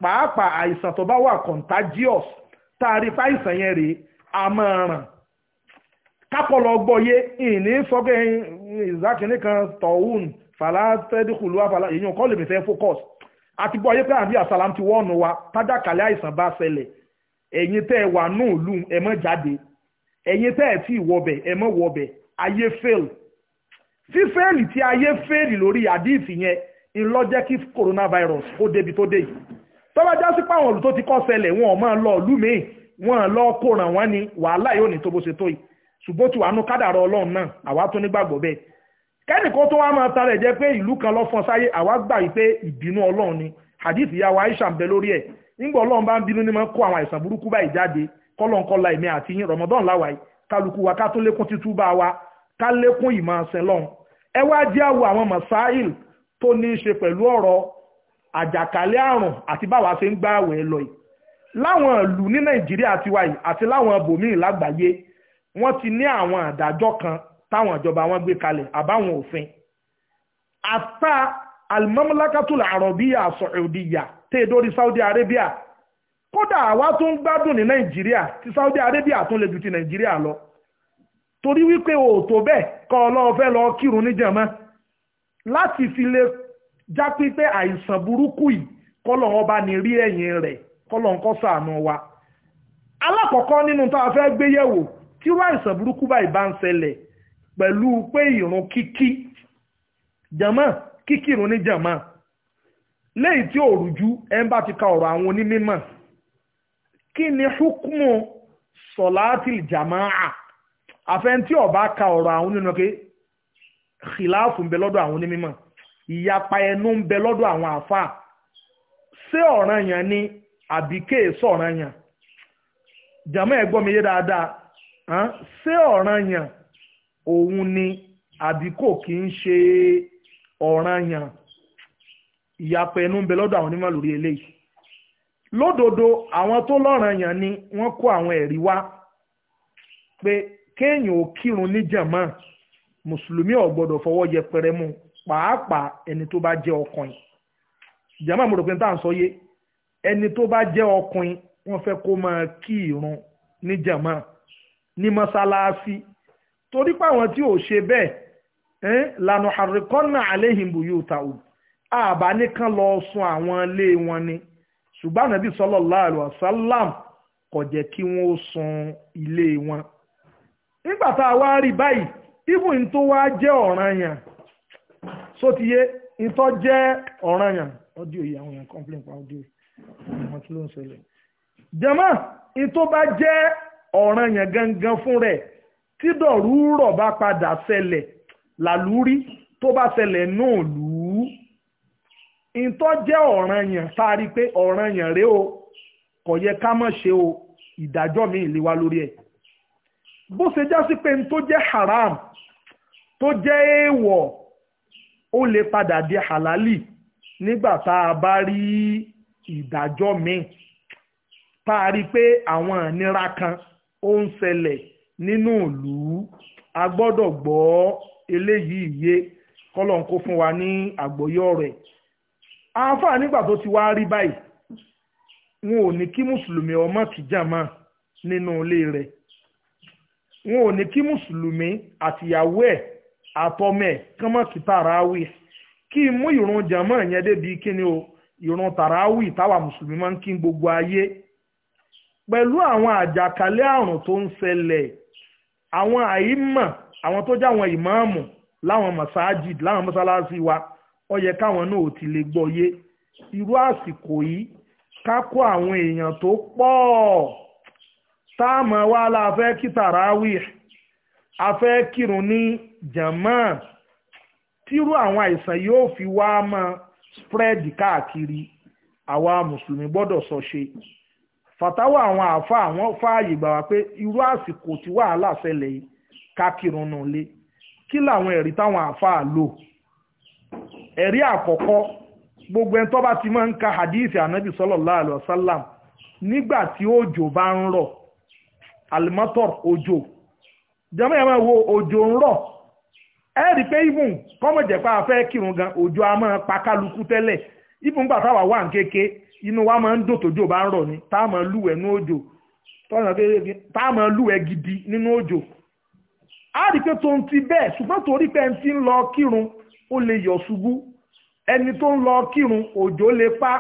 A: pàápàá àìsàn tó bá wà contagious yẹn rèé a máa fàlà tẹ́díkùlù àfàlà èyí kọ́ lèmi fẹ́ focus àti gbọ́ ayé pé àbí àsàlám ti wọ́ọ̀nù wa tájàkálẹ̀ àìsàn bá ṣẹlẹ̀ ẹ̀yin tẹ́ ẹ wà náà lù ẹ mọ́ jáde ẹ̀yin tẹ́ ẹ tí ì wọbẹ̀ ẹ mọ́ wọbẹ̀ ayé fail fífẹ́ẹ̀lì tí ayé fail lórí àdíìsì yẹn ìlọ́jẹ́ kí coronavirus kó débi tó dé yìí tó bá já sí páwọn olù tó ti kọ́ ṣẹlẹ̀ wọn ò máa lọ ìlú míì wọn lọ kóràn wọn ni wàhálà yóò ní tó bó ṣe tó yìí ṣùgbọ́n tí wàá nú ọlọ́run náà àwa tó nígbàgbọ́ bẹ́ẹ̀ kẹ́nìkan tó wá máa tara ẹ̀ jẹ́ pé ìlú kan lọ fọ́n sáyé àwa gbà yìí pé ìbínú ọlọ́run ni hadith ìyá wa Aisha ń bẹ lórí ẹ̀ nígbà ọlọ́run bá ń bínú ni máa kó àwọn àìsàn burúkú báyìí jáde kọ́lọ́nkọ́lá ẹ̀mí àti yín Ramadan láwa yìí kálukú wa ká tó lékún títú bá wa ká lékún ìmọ̀ ọ̀sẹ̀ lọ́hùn ẹ wá jẹ́ àwọ̀ àwọn masail tó ní í ṣe pẹ̀lú ọ̀rọ̀ àjàkálẹ̀ àrùn àti báwa ṣe ń gbá àwẹ̀ lọ yìí láwọn ìlú ní Nàìjíríà tiwa yìí àti láwọn ibòmíì lágbàáyé wọ́n ti ní àwọn àdájọ́ kan táwọn ìjọba wọn gbé kalẹ̀ àbáwọn òfin àtà alimamlakatul arabiya saudiya tẹ́ saudi arabia kódà àwa tó ń gbádùn ní nàìjíríà tí saudi arabia tún lè ju ti nàìjíríà lọ torí wípé o tó bẹ́ẹ̀ kọ́ ọlọ́ọ̀ fẹ́ lọ kírun níjàmọ́ láti fi lè já pípé àìsàn burúkú yìí kọ́lọ̀ ọba ní rí ẹ̀yìn rẹ̀ kọ́lọ̀ ń kọ́ sàánú wa alákọ̀ọ́kọ́ nínú tá fẹ́ gbéyẹ̀wò tí irú àìsàn burúkú báyìí bá ń ṣẹlẹ̀ pẹ̀lú pé ìrun kíkí jàmá kíkí ìrun ní jàmá lẹ́yìn tí ò rújú ẹ ń bá ti ka ọ̀rọ̀ àwọn onímọ̀ kí ni hukumu sọ̀láàtìl jàmáà àfẹ́ntí ọ̀bá ka ọ̀rọ̀ àwọn onímọ̀ pé kìláàfù ń bẹ lọ́dọ̀ àwọn onímọ̀ ìyapa ẹnu ń bẹ lọ́dọ̀ àwọn àfáà ṣé ọ̀ranyàn ni àbí kéèsì ọ̀ranyàn jàmá ẹ gbọ́ mi yé dáadáa ṣé ọ̀ranyàn òun ni àbí kò kí ń ṣe ọ̀ranyàn ìyapẹ̀ ẹnu ń bẹ lọ́dọ̀ àwọn onímọ̀ lórí eléyìí lódodo àwọn tó lọ́ranyàn ni wọ́n kó àwọn ẹ̀rí wá pé kéèyàn ò kírun níjàmọ́ mùsùlùmí ò gbọ́dọ̀ fọwọ́ yẹpẹrẹ mú pàápàá ẹni tó bá jẹ́ ọkùnrin ìjàmọ́ mo rò pé tá à ń sọ yé ẹni tó bá jẹ́ ọkùnrin wọ́n fẹ́ kó máa kí níjàmọ́ ní mọ́sálásí torí pé àwọn tí ò ṣe bẹ́ẹ̀ lànà àríkọ́nà àléhìnbù yóò ta ò àbá nìkan lọ sun àwọn ilé wọn ni ṣùgbọ́n ànábì sallallahu asalam wasallam kò jẹ́ kí wọ́n sun ilé wọn. nígbà tá a wá rí báyìí ibùn tó wá jẹ́ je sótìyé jẹ́ ọdí òye àwọn jama bá jẹ́ gangan fún rẹ̀ tí dọ̀rú rọ̀ bá padà ṣẹlẹ̀ làlúrí tó bá ṣẹlẹ̀ náà lù ú ìtọ́ jẹ́ ọ̀ranyàn tá a rí i pé ọ̀ranyàn o kò yẹ ká má ṣe o ìdájọ́ mi ìléwá lórí ẹ̀ bó ṣe já sí pé n tó jẹ́ haram tó jẹ́ èèwọ̀ ó lè padà di halali nígbà tá a bá rí ìdájọ́ mi tá pé àwọn ìnira kan ó ń ṣẹlẹ̀ nínú ìlú a gbọ́dọ̀ gbọ́ eléyìí yé kọ́lọ̀ ń kó fún wa ní àgbọ́yé ọ̀rọ̀ ẹ̀ àáfàá nígbà tó ti wá rí báyìí wọn ò ní kí mùsùlùmí ọmọ kìjàmá nínú ilé rẹ̀ wọn ò ní kí mùsùlùmí àtìyàwó ẹ̀ àtọmọ ẹ̀ kán mọ́ kí tàràwì kí mú ìrun jàmọ́ yẹn débi kíni o ìrun tàràwì táwa mùsùlùmí máa ń kí gbogbo ayé pẹ̀lú àwọn àjàkálẹ̀ àrùn tó ń ṣẹlẹ̀ àwọn àìmọ̀ àwọn tó jẹ́ àwọn láwọn masajid láwọn mọ́sálásí wa ó yẹ káwọn náà ò ti lè gbọ́ yé irú àsìkò yìí ká àwọn èèyàn tó pọ̀ táàmù wa la fẹ́ kí tàràwì a fẹ́ kírun ní jàmá tírú àwọn àìsàn yóò fi wá máa spread káàkiri àwa mùsùlùmí gbọ́dọ̀ sọ ṣe fàtàwà àwọn àáfà àwọn fààyè gbà wá pé irú àsìkò tí wàhálà ṣẹlẹ̀ yìí kákìrún nù lé kí làwọn ẹ̀rí táwọn àáfà lò ẹ̀rí àkọ́kọ́ gbogbo ẹni tó bá ti máa ń ka hadithi anabi sallallahu alaihi wasallam nígbà tí òjò bá ń rọ̀ alimotor òjò jẹ́mọ́ ẹ̀ máa wo òjò ń rọ̀ ẹ rí pé ibùn kọ́mọ̀jẹ̀pá afẹ́ kírun gan òjò a máa pa kálukú tẹ́lẹ̀ ibùn gbà táwa wà ń kéke inú wa máa ń dò tójò bá ń rọ̀ ni tá a máa lúwẹ̀ nú òjò tá a máa lúwẹ̀ gidi nínú òjò a rí pé tó ń ti bẹ́ẹ̀ ṣùgbọ́n torí pé ẹni tí ń lọ kírun ó lè yọ̀ ṣubú ẹni tó ń lọ kírun òjò lè pa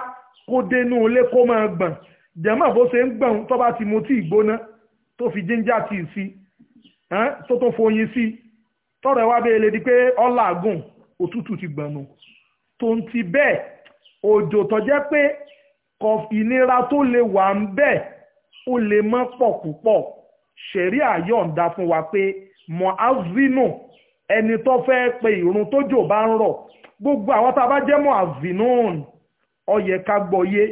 A: kó dénú ilé kó máa gbọ̀n jẹ̀mọ́ bó ṣe ń gbọ̀n tó bá ti mu tí ìgbóná tó fi jíńjà tì sí tó tó foyin sí tọ́rọ ẹ wá bẹ́ẹ̀ lè di pé ọ̀làgùn òtútù ti gbọ̀nù tó ń ti bẹ́ẹ̀ òjò tó pé kọ ìnira tó lè wà ń bẹ̀ ó lè mọ́ pọ̀ púpọ̀ ṣẹ̀rí àyọ̀ǹda fún wa pé mọ̀ázínù ẹni tó fẹ́ pe ìrun tójò bá ń rọ̀ gbogbo àwọn tá a bá jẹ́ mọ̀ázínù ó yẹ ká gbọ́yé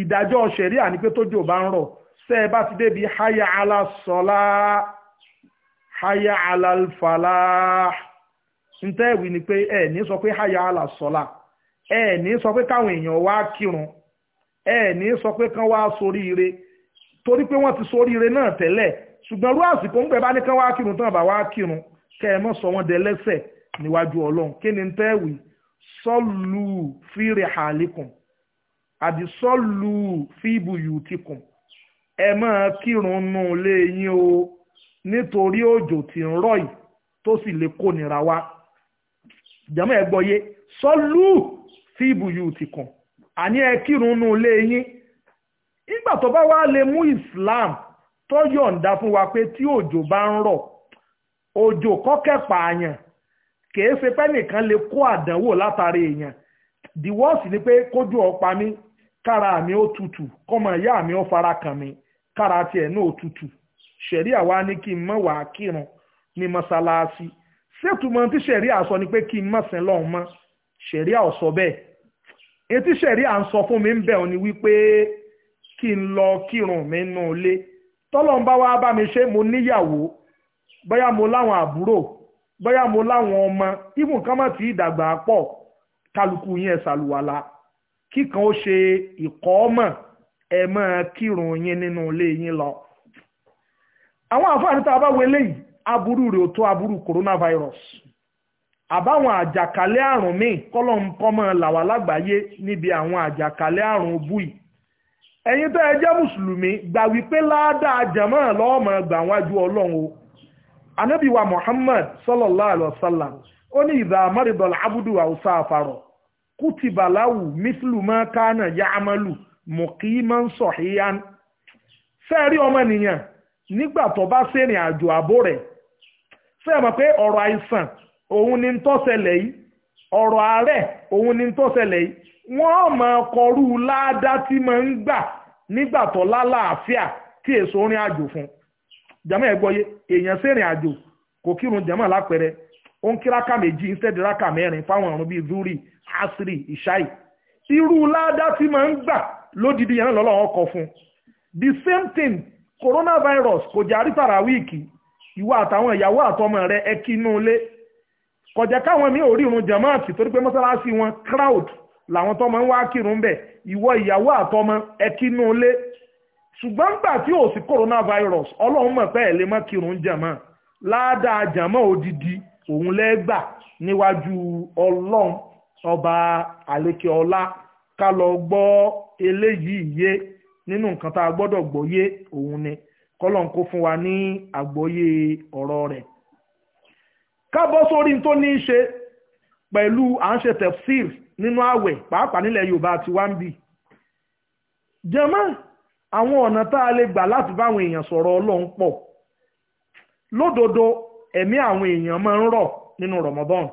A: ìdájọ́ ṣẹ̀rí àní pé tójò bá ń rọ̀ ṣe é bá ti débi haya alasọ́lá haya alalfàlá ntẹ́wì ni pé ẹ̀ ní sọ pé haya alasọ́lá ẹ̀ ní sọ pé káwọn èèyàn wá kírun ẹ ní sọ pé kán wá sórí ire torí pé wọ́n ti sórí ire náà tẹ́lẹ̀ ṣùgbọ́n rú àsìkò ń pẹ́ bá ní kán wá kírun tán bá wá kírun kẹ́ ẹ mọ́ sọ wọ́n dẹlẹ́sẹ̀ níwájú ọlọ́run kí ni tẹ́ wì sọ́ọ̀lù fírè hàlíkùn àbí sọ́ọ̀lù fíìbù yùtìkùn ẹ máa kírun nù lé yín o nítorí òjò tí ń rọ̀ yìí tó sì lè kó nira wá jàmọ́ ẹ gbọ́ yé sọ́ọ̀lù fíìbù yùtìkùn àní ẹ kírun nù ilé yín nígbà tó bá wá lè mú Islam tó yọ̀ǹda fún wa pé tí òjò bá ń rọ̀ òjò kọ́kẹ́ pààyàn kìí ṣe nikan le lè kó àdánwò látàrí èèyàn the ni pé kójú ọ̀pá mi kára mi ó tutù kọ́mọ ìyá mi ó fara kàn mí kára tiẹ̀ náà wa ní kí n mọ̀ wá kírun ní sọ ni pé kí n mọ̀ sẹ́lọ̀ mọ́ etí sẹ̀rí à ń sọ fún mi ń bẹ̀ ọ́ ni wípé kí n lọ kírun mi nù ilé tọ́lọ́n bá bá mi ṣe mo níyàwó bóyá mo láwọn àbúrò bóyá mo láwọn ọmọ ibùn kan má ti dàgbà pọ̀ kálukú yẹn ṣàlùwàlà kíkan ó ṣe ìkọ́ ọmọ ẹ máa kírun yín nínú ilé yín lọ. àwọn àǹfààní tá bá wọlé yìí aburú ó tó aburú coronavirus. àbáwọn àjàkálẹ̀ àrùn míì kọ́lọ́n kọ́mọ làwà lágbàáyé níbi àwọn àjàkálẹ̀ àrùn búì ẹ̀yin tó ẹ jẹ́ mùsùlùmí gbà wípé ládàá jẹ̀mọ́ lọ́ọ̀mọ́ gbà wájú ọlọ́run o anábì muhammad sallallahu alayhi wa sallam ó ní ìdá amárìdọ̀lá abudu hausa àfàrọ̀ kùtìbàláwù mísìlùmọ́ kánà yá amálù mọ̀kìímọ́ sọ̀híyán fẹ́ẹ̀rí ọmọnìyàn nígbà tó bá sẹ́rìn àjò àbó rẹ̀ fẹ́ẹ̀ mọ̀ òun ni tó ṣẹlẹ̀ yìí ọ̀rọ̀ ààrẹ òun ni tó ṣẹlẹ̀ yìí wọ́n mọ̀ kọrú ládá tí mo ń gbà nígbà tó lálàáfíà tí èso rin àjò fún jàmọ́ ẹ̀ gbọ́yé èèyàn sẹ́rìn àjò kò kírun jàmọ́ lápẹ̀rẹ̀ ó ń kíráka méjì instead ráka mẹ́rin fáwọn ọ̀run bíi zuri asiri ishai irú ládá tí mo ń gbà lódìdí yẹn fún the same thing coronavirus kò wíìkì ìwọ àtàwọn kọjá káwọn mi ò rí irun jamaat torí pé mọ́sálásí wọn crowd làwọn tọ́mọ ń wá kírun bẹ̀ ìwọ ìyàwó àtọmọ ẹkínú ilé ṣùgbọ́n gbà tí ò sí coronavirus ọlọ́run mọ̀ pé ẹ̀ lè mọ́ kírun jamaat ládàá jamaat odidi òun lẹ́gbà níwájú ọlọ́run ọba àlékè ọlá ká lọ gbọ́ eléyìí yé nínú nǹkan tá a gbọ́dọ̀ gbọ́yé òun ni kọ́lọ́n kó fún wa ní àgbọ́yé ọ̀rọ̀ rẹ̀ kábọ́ sórí tó ní í ṣe pẹ̀lú à ń ṣe tefsir nínú àwẹ̀ pàápàá nílẹ̀ yorùbá àti wambi jẹ́mọ́ àwọn ọ̀nà tá a lè gbà láti báwọn èèyàn sọ̀rọ̀ ọlọ́run pọ̀ lódodo ẹ̀mí àwọn èèyàn máa ń rọ̀ nínú Ramadan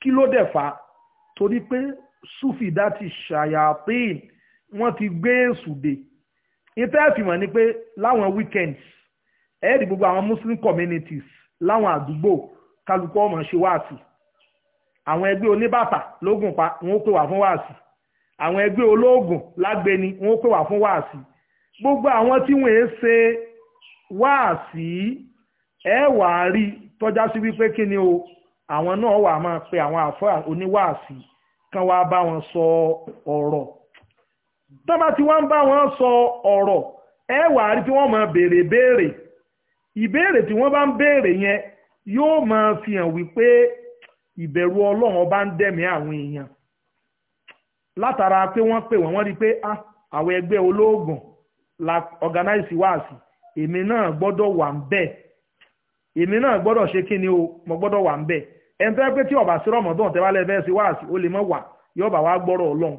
A: kí ló dẹ̀ fà torí pé sufi dati ṣayatin wọ́n ti gbé èsù dé ìtẹ́ẹ̀fìmọ̀ ni pé láwọn weekends ẹ̀ẹ́dì gbogbo àwọn muslim communities láwọn àdúgbò kálukú ọmọ ṣe wáàsì àwọn ẹgbẹ́ oníbàtà lógùn pa wọ́n pè wá fún wáàsì àwọn ẹgbẹ́ olóògùn lágbẹni wọ́n pè wá fún wáàsì gbogbo àwọn tí wọ́n ń ṣe wáàsì ẹ wà á rí tọ́já sí wípé kí ni o àwọn náà wà máa pe àwọn àfọ oníwáàsì kan wá bá wọn sọ ọ̀rọ̀ tọ́ba tí wọ́n ń bá wọn sọ ọ̀rọ̀ ẹ wà á rí tí wọ́n máa béèrè béèrè ìbéèrè tí wọ́n bá ń béèrè yẹn yóò máa fi hàn wípé ìbẹ̀rù ọlọ́run ọba ń dẹ̀mí àwọn èèyàn látara pé wọ́n pè wọ́n wọ́n rí i pé ah, àwọn ẹgbẹ́ olóògùn la organize wáàsí èmi náà gbọ́dọ̀ wà ń bẹ̀ èmi náà gbọ́dọ̀ ṣe kí ni o mo gbọ́dọ̀ wà ń bẹ̀ ẹni tó yẹ pé tí ọba sí rọmọdún tẹ́wálẹ̀ fẹ́ sí wáàsí ó lè mọ̀ wà yọba wá gbọ́rọ̀ ọlọ́run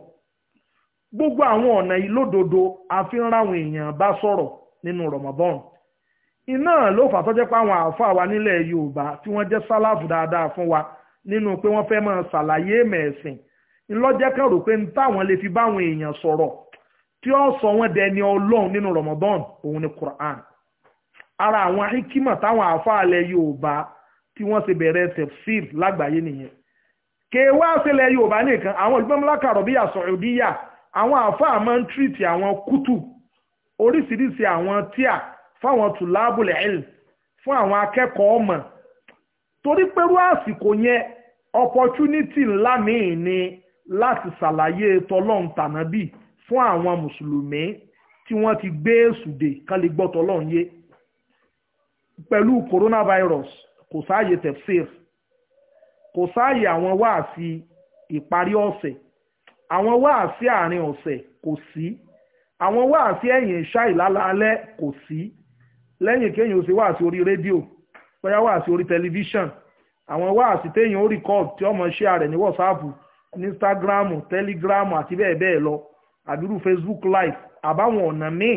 A: gbogbo àwọn ọ̀nà ìlódodo àfihàn àwọn èèyàn bá sọ̀rọ̀ nínú rọmọdún iná ló fà tó jẹ́ pé àwọn àáfàá wa nílẹ̀ yorùbá tí wọ́n jẹ́ sálàfù dáadáa fún wa nínú pé wọ́n fẹ́ máa ṣàlàyé mẹ̀sìn ńlọ́jẹ́ kan rò pé ń táwọn lè fi báwọn èèyàn sọ̀rọ̀ tí ó sọ wọ́n dẹni ọlọ́run nínú ramadan òun ni quran ara àwọn hikima táwọn àáfàá ilẹ̀ yorùbá tí wọ́n ṣe bẹ̀rẹ̀ tefsir lágbàáyé nìyẹn kèwà sílẹ̀ yorùbá nìkan àwọn olùgbọ́nmọ́láka rọ̀bíyà sọ̀rọ̀díyà àwọn oríṣiríṣi àwọn tíà fáwọn tùlábùlẹ̀ ẹ̀lì fún àwọn akẹ́kọ̀ọ́ ọmọ torí pẹ̀lú àsìkò yẹn opportunity ńlá míì ni láti ṣàlàyé tọlọ́hun tànábì fún àwọn mùsùlùmí tí wọ́n ti gbé èsùdè kán lè yé pẹ̀lú coronavirus kò sáàyè tefsir kò sáàyè àwọn wáàsí ìparí ọ̀sẹ̀ àwọn wáàsí àárín ọ̀sẹ̀ kò sí àwọn wáàsí ẹ̀yìn ṣáìlálálẹ́ kò sí. Si lẹ́yìn kéèyàn ó ṣe wáàsí orí rédíò bóyá wáàsí orí tẹlifíṣàn àwọn wáàsí téèyàn ó record tí ọmọ share rẹ̀ ní WhatsApp ní Instagram Telegram àti bẹ́ẹ̀ bẹ́ẹ̀ lọ àbírú Facebook live àbáwọn ọ̀nà míì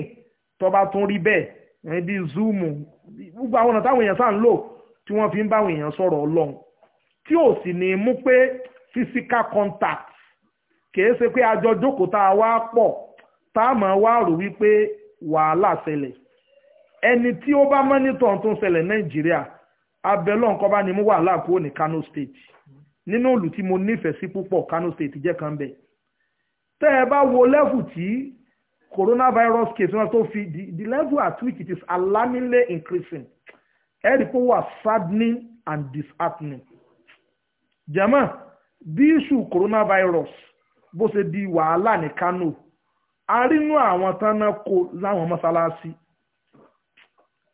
A: tó bá tún rí bẹ́ẹ̀ bí Zoom gbogbo àwọn ọ̀nà táwọn èèyàn sáà ń lò tí wọ́n fi ń báwọn èèyàn sọ̀rọ̀ Ọlọ́run tí ò sì ní mú pé physical contact kìí ṣe pé àjọ jókòó tá a wá pọ̀ tá wá rò wípé wàhálà ṣẹlẹ̀ ẹni tí ó bá mọ́nítọ̀ tó ń ṣẹlẹ̀ nàìjíríà abẹ́lọ́ nǹkan bá ní mú ní Kano State nínú òlù tí mo nífẹ̀ẹ́ sí púpọ̀ Kano State jẹ́ kan bẹ̀ tẹ́ ẹ bá wo lẹ́fù tí coronavirus case wọn tó fi the, level at which it is alarmingly increasing ẹ rí pé ó wà saddening and disheartening jẹ́mọ́ bí iṣu coronavirus bó ṣe di wàhálà ní Kano a rí inú àwọn tán náà kó láwọn mọ́ṣáláṣí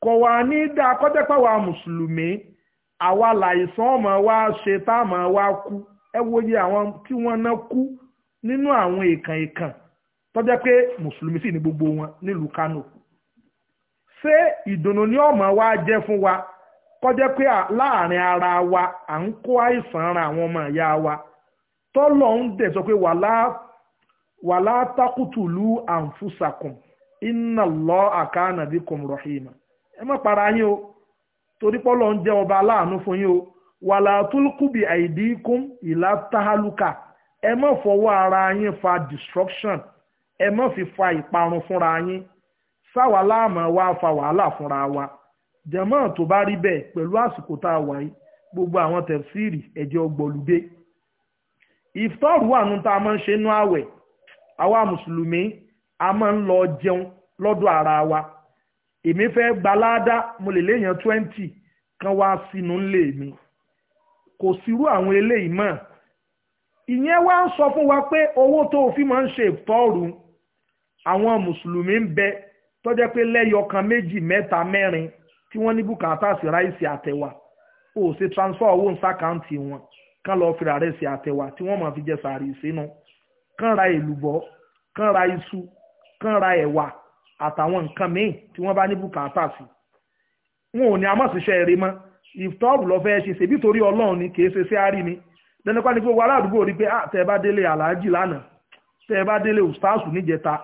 A: kò wá ní dáa kọ́jẹ́pẹ́ wa mùsùlùmí àwa làìsàn ọmọ wa ṣe tá wa kú ẹ wòye àwọn tí wọn ná kú nínú àwọn èèkàn èèkàn tọ́jẹ́ pé mùsùlùmí sì ní gbogbo wọn nílùú kano ṣé ìdùnnú ní ọmọ wa jẹ́ fún wa pé ara wa à ń kó àìsàn ara àwọn ọmọ ìyá wa tọ́lọ̀ ń dẹ̀ sọ pé wàlá àǹfùsàkùn iná lọ ẹ má para yín o torí pọ́lọ́ ń jẹ́ ọba aláàánú fún yín o wàlà tólkùbì àìdíkùn ìlà táhálùkà ẹ fọwọ́ ara yín fa destruction ẹ má fi fa ìparun fúnra yín sáwà láàmú wa fa wàhálà fúnra wa jẹ̀mọ́ tó bá rí bẹ́ẹ̀ pẹ̀lú àsìkò tá a wà yìí gbogbo àwọn tẹ̀síìrì ẹ̀jẹ̀ ọgbọ̀lùgbé ìfọ́rù wà nù tá a máa ń ṣe nú àwẹ̀ àwa mùsùlùmí a máa ń lọ jẹun lọ́dọ̀ ara wa èmi fẹ́ gbalada mo lè léèyàn twenty kan wá sínú ńlé mi kò sírú àwọn eléyìí mọ́ ìyẹn wá ń sọ fún wa pé owó tó o fi máa ń ṣe ìtọ́rù àwọn mùsùlùmí ń bẹ tó jẹ́ pé lẹ́yọkan méjì mẹ́ta mẹ́rin tí wọ́n ní bùkátà sí ráìsì àtẹ̀wà ó ṣe transfer owó ń sàkáǹtì wọn kán lọ́ọ́ fira rẹ̀ sí àtẹ̀wà tí wọ́n máa fi jẹ sàárì sínú kán ra èlùbọ́ kán ra iṣu kán ra ẹ̀wà àtàwọn nǹkan míì tí wọ́n bá ní bùkátà sí wọn ò ní amọ̀síṣẹ́ eré mọ́ ìtọ́ọ̀bù lọ fẹ́ ṣe ṣèbí torí ọlọ́run ni kìí ṣe sí àárín mi lẹ́nìkan ni gbogbo aládùúgbò rí pé ah, tẹ́ ẹ bá délé aláàjì lánàá tẹ́ ẹ bá délé ustaasu níjẹta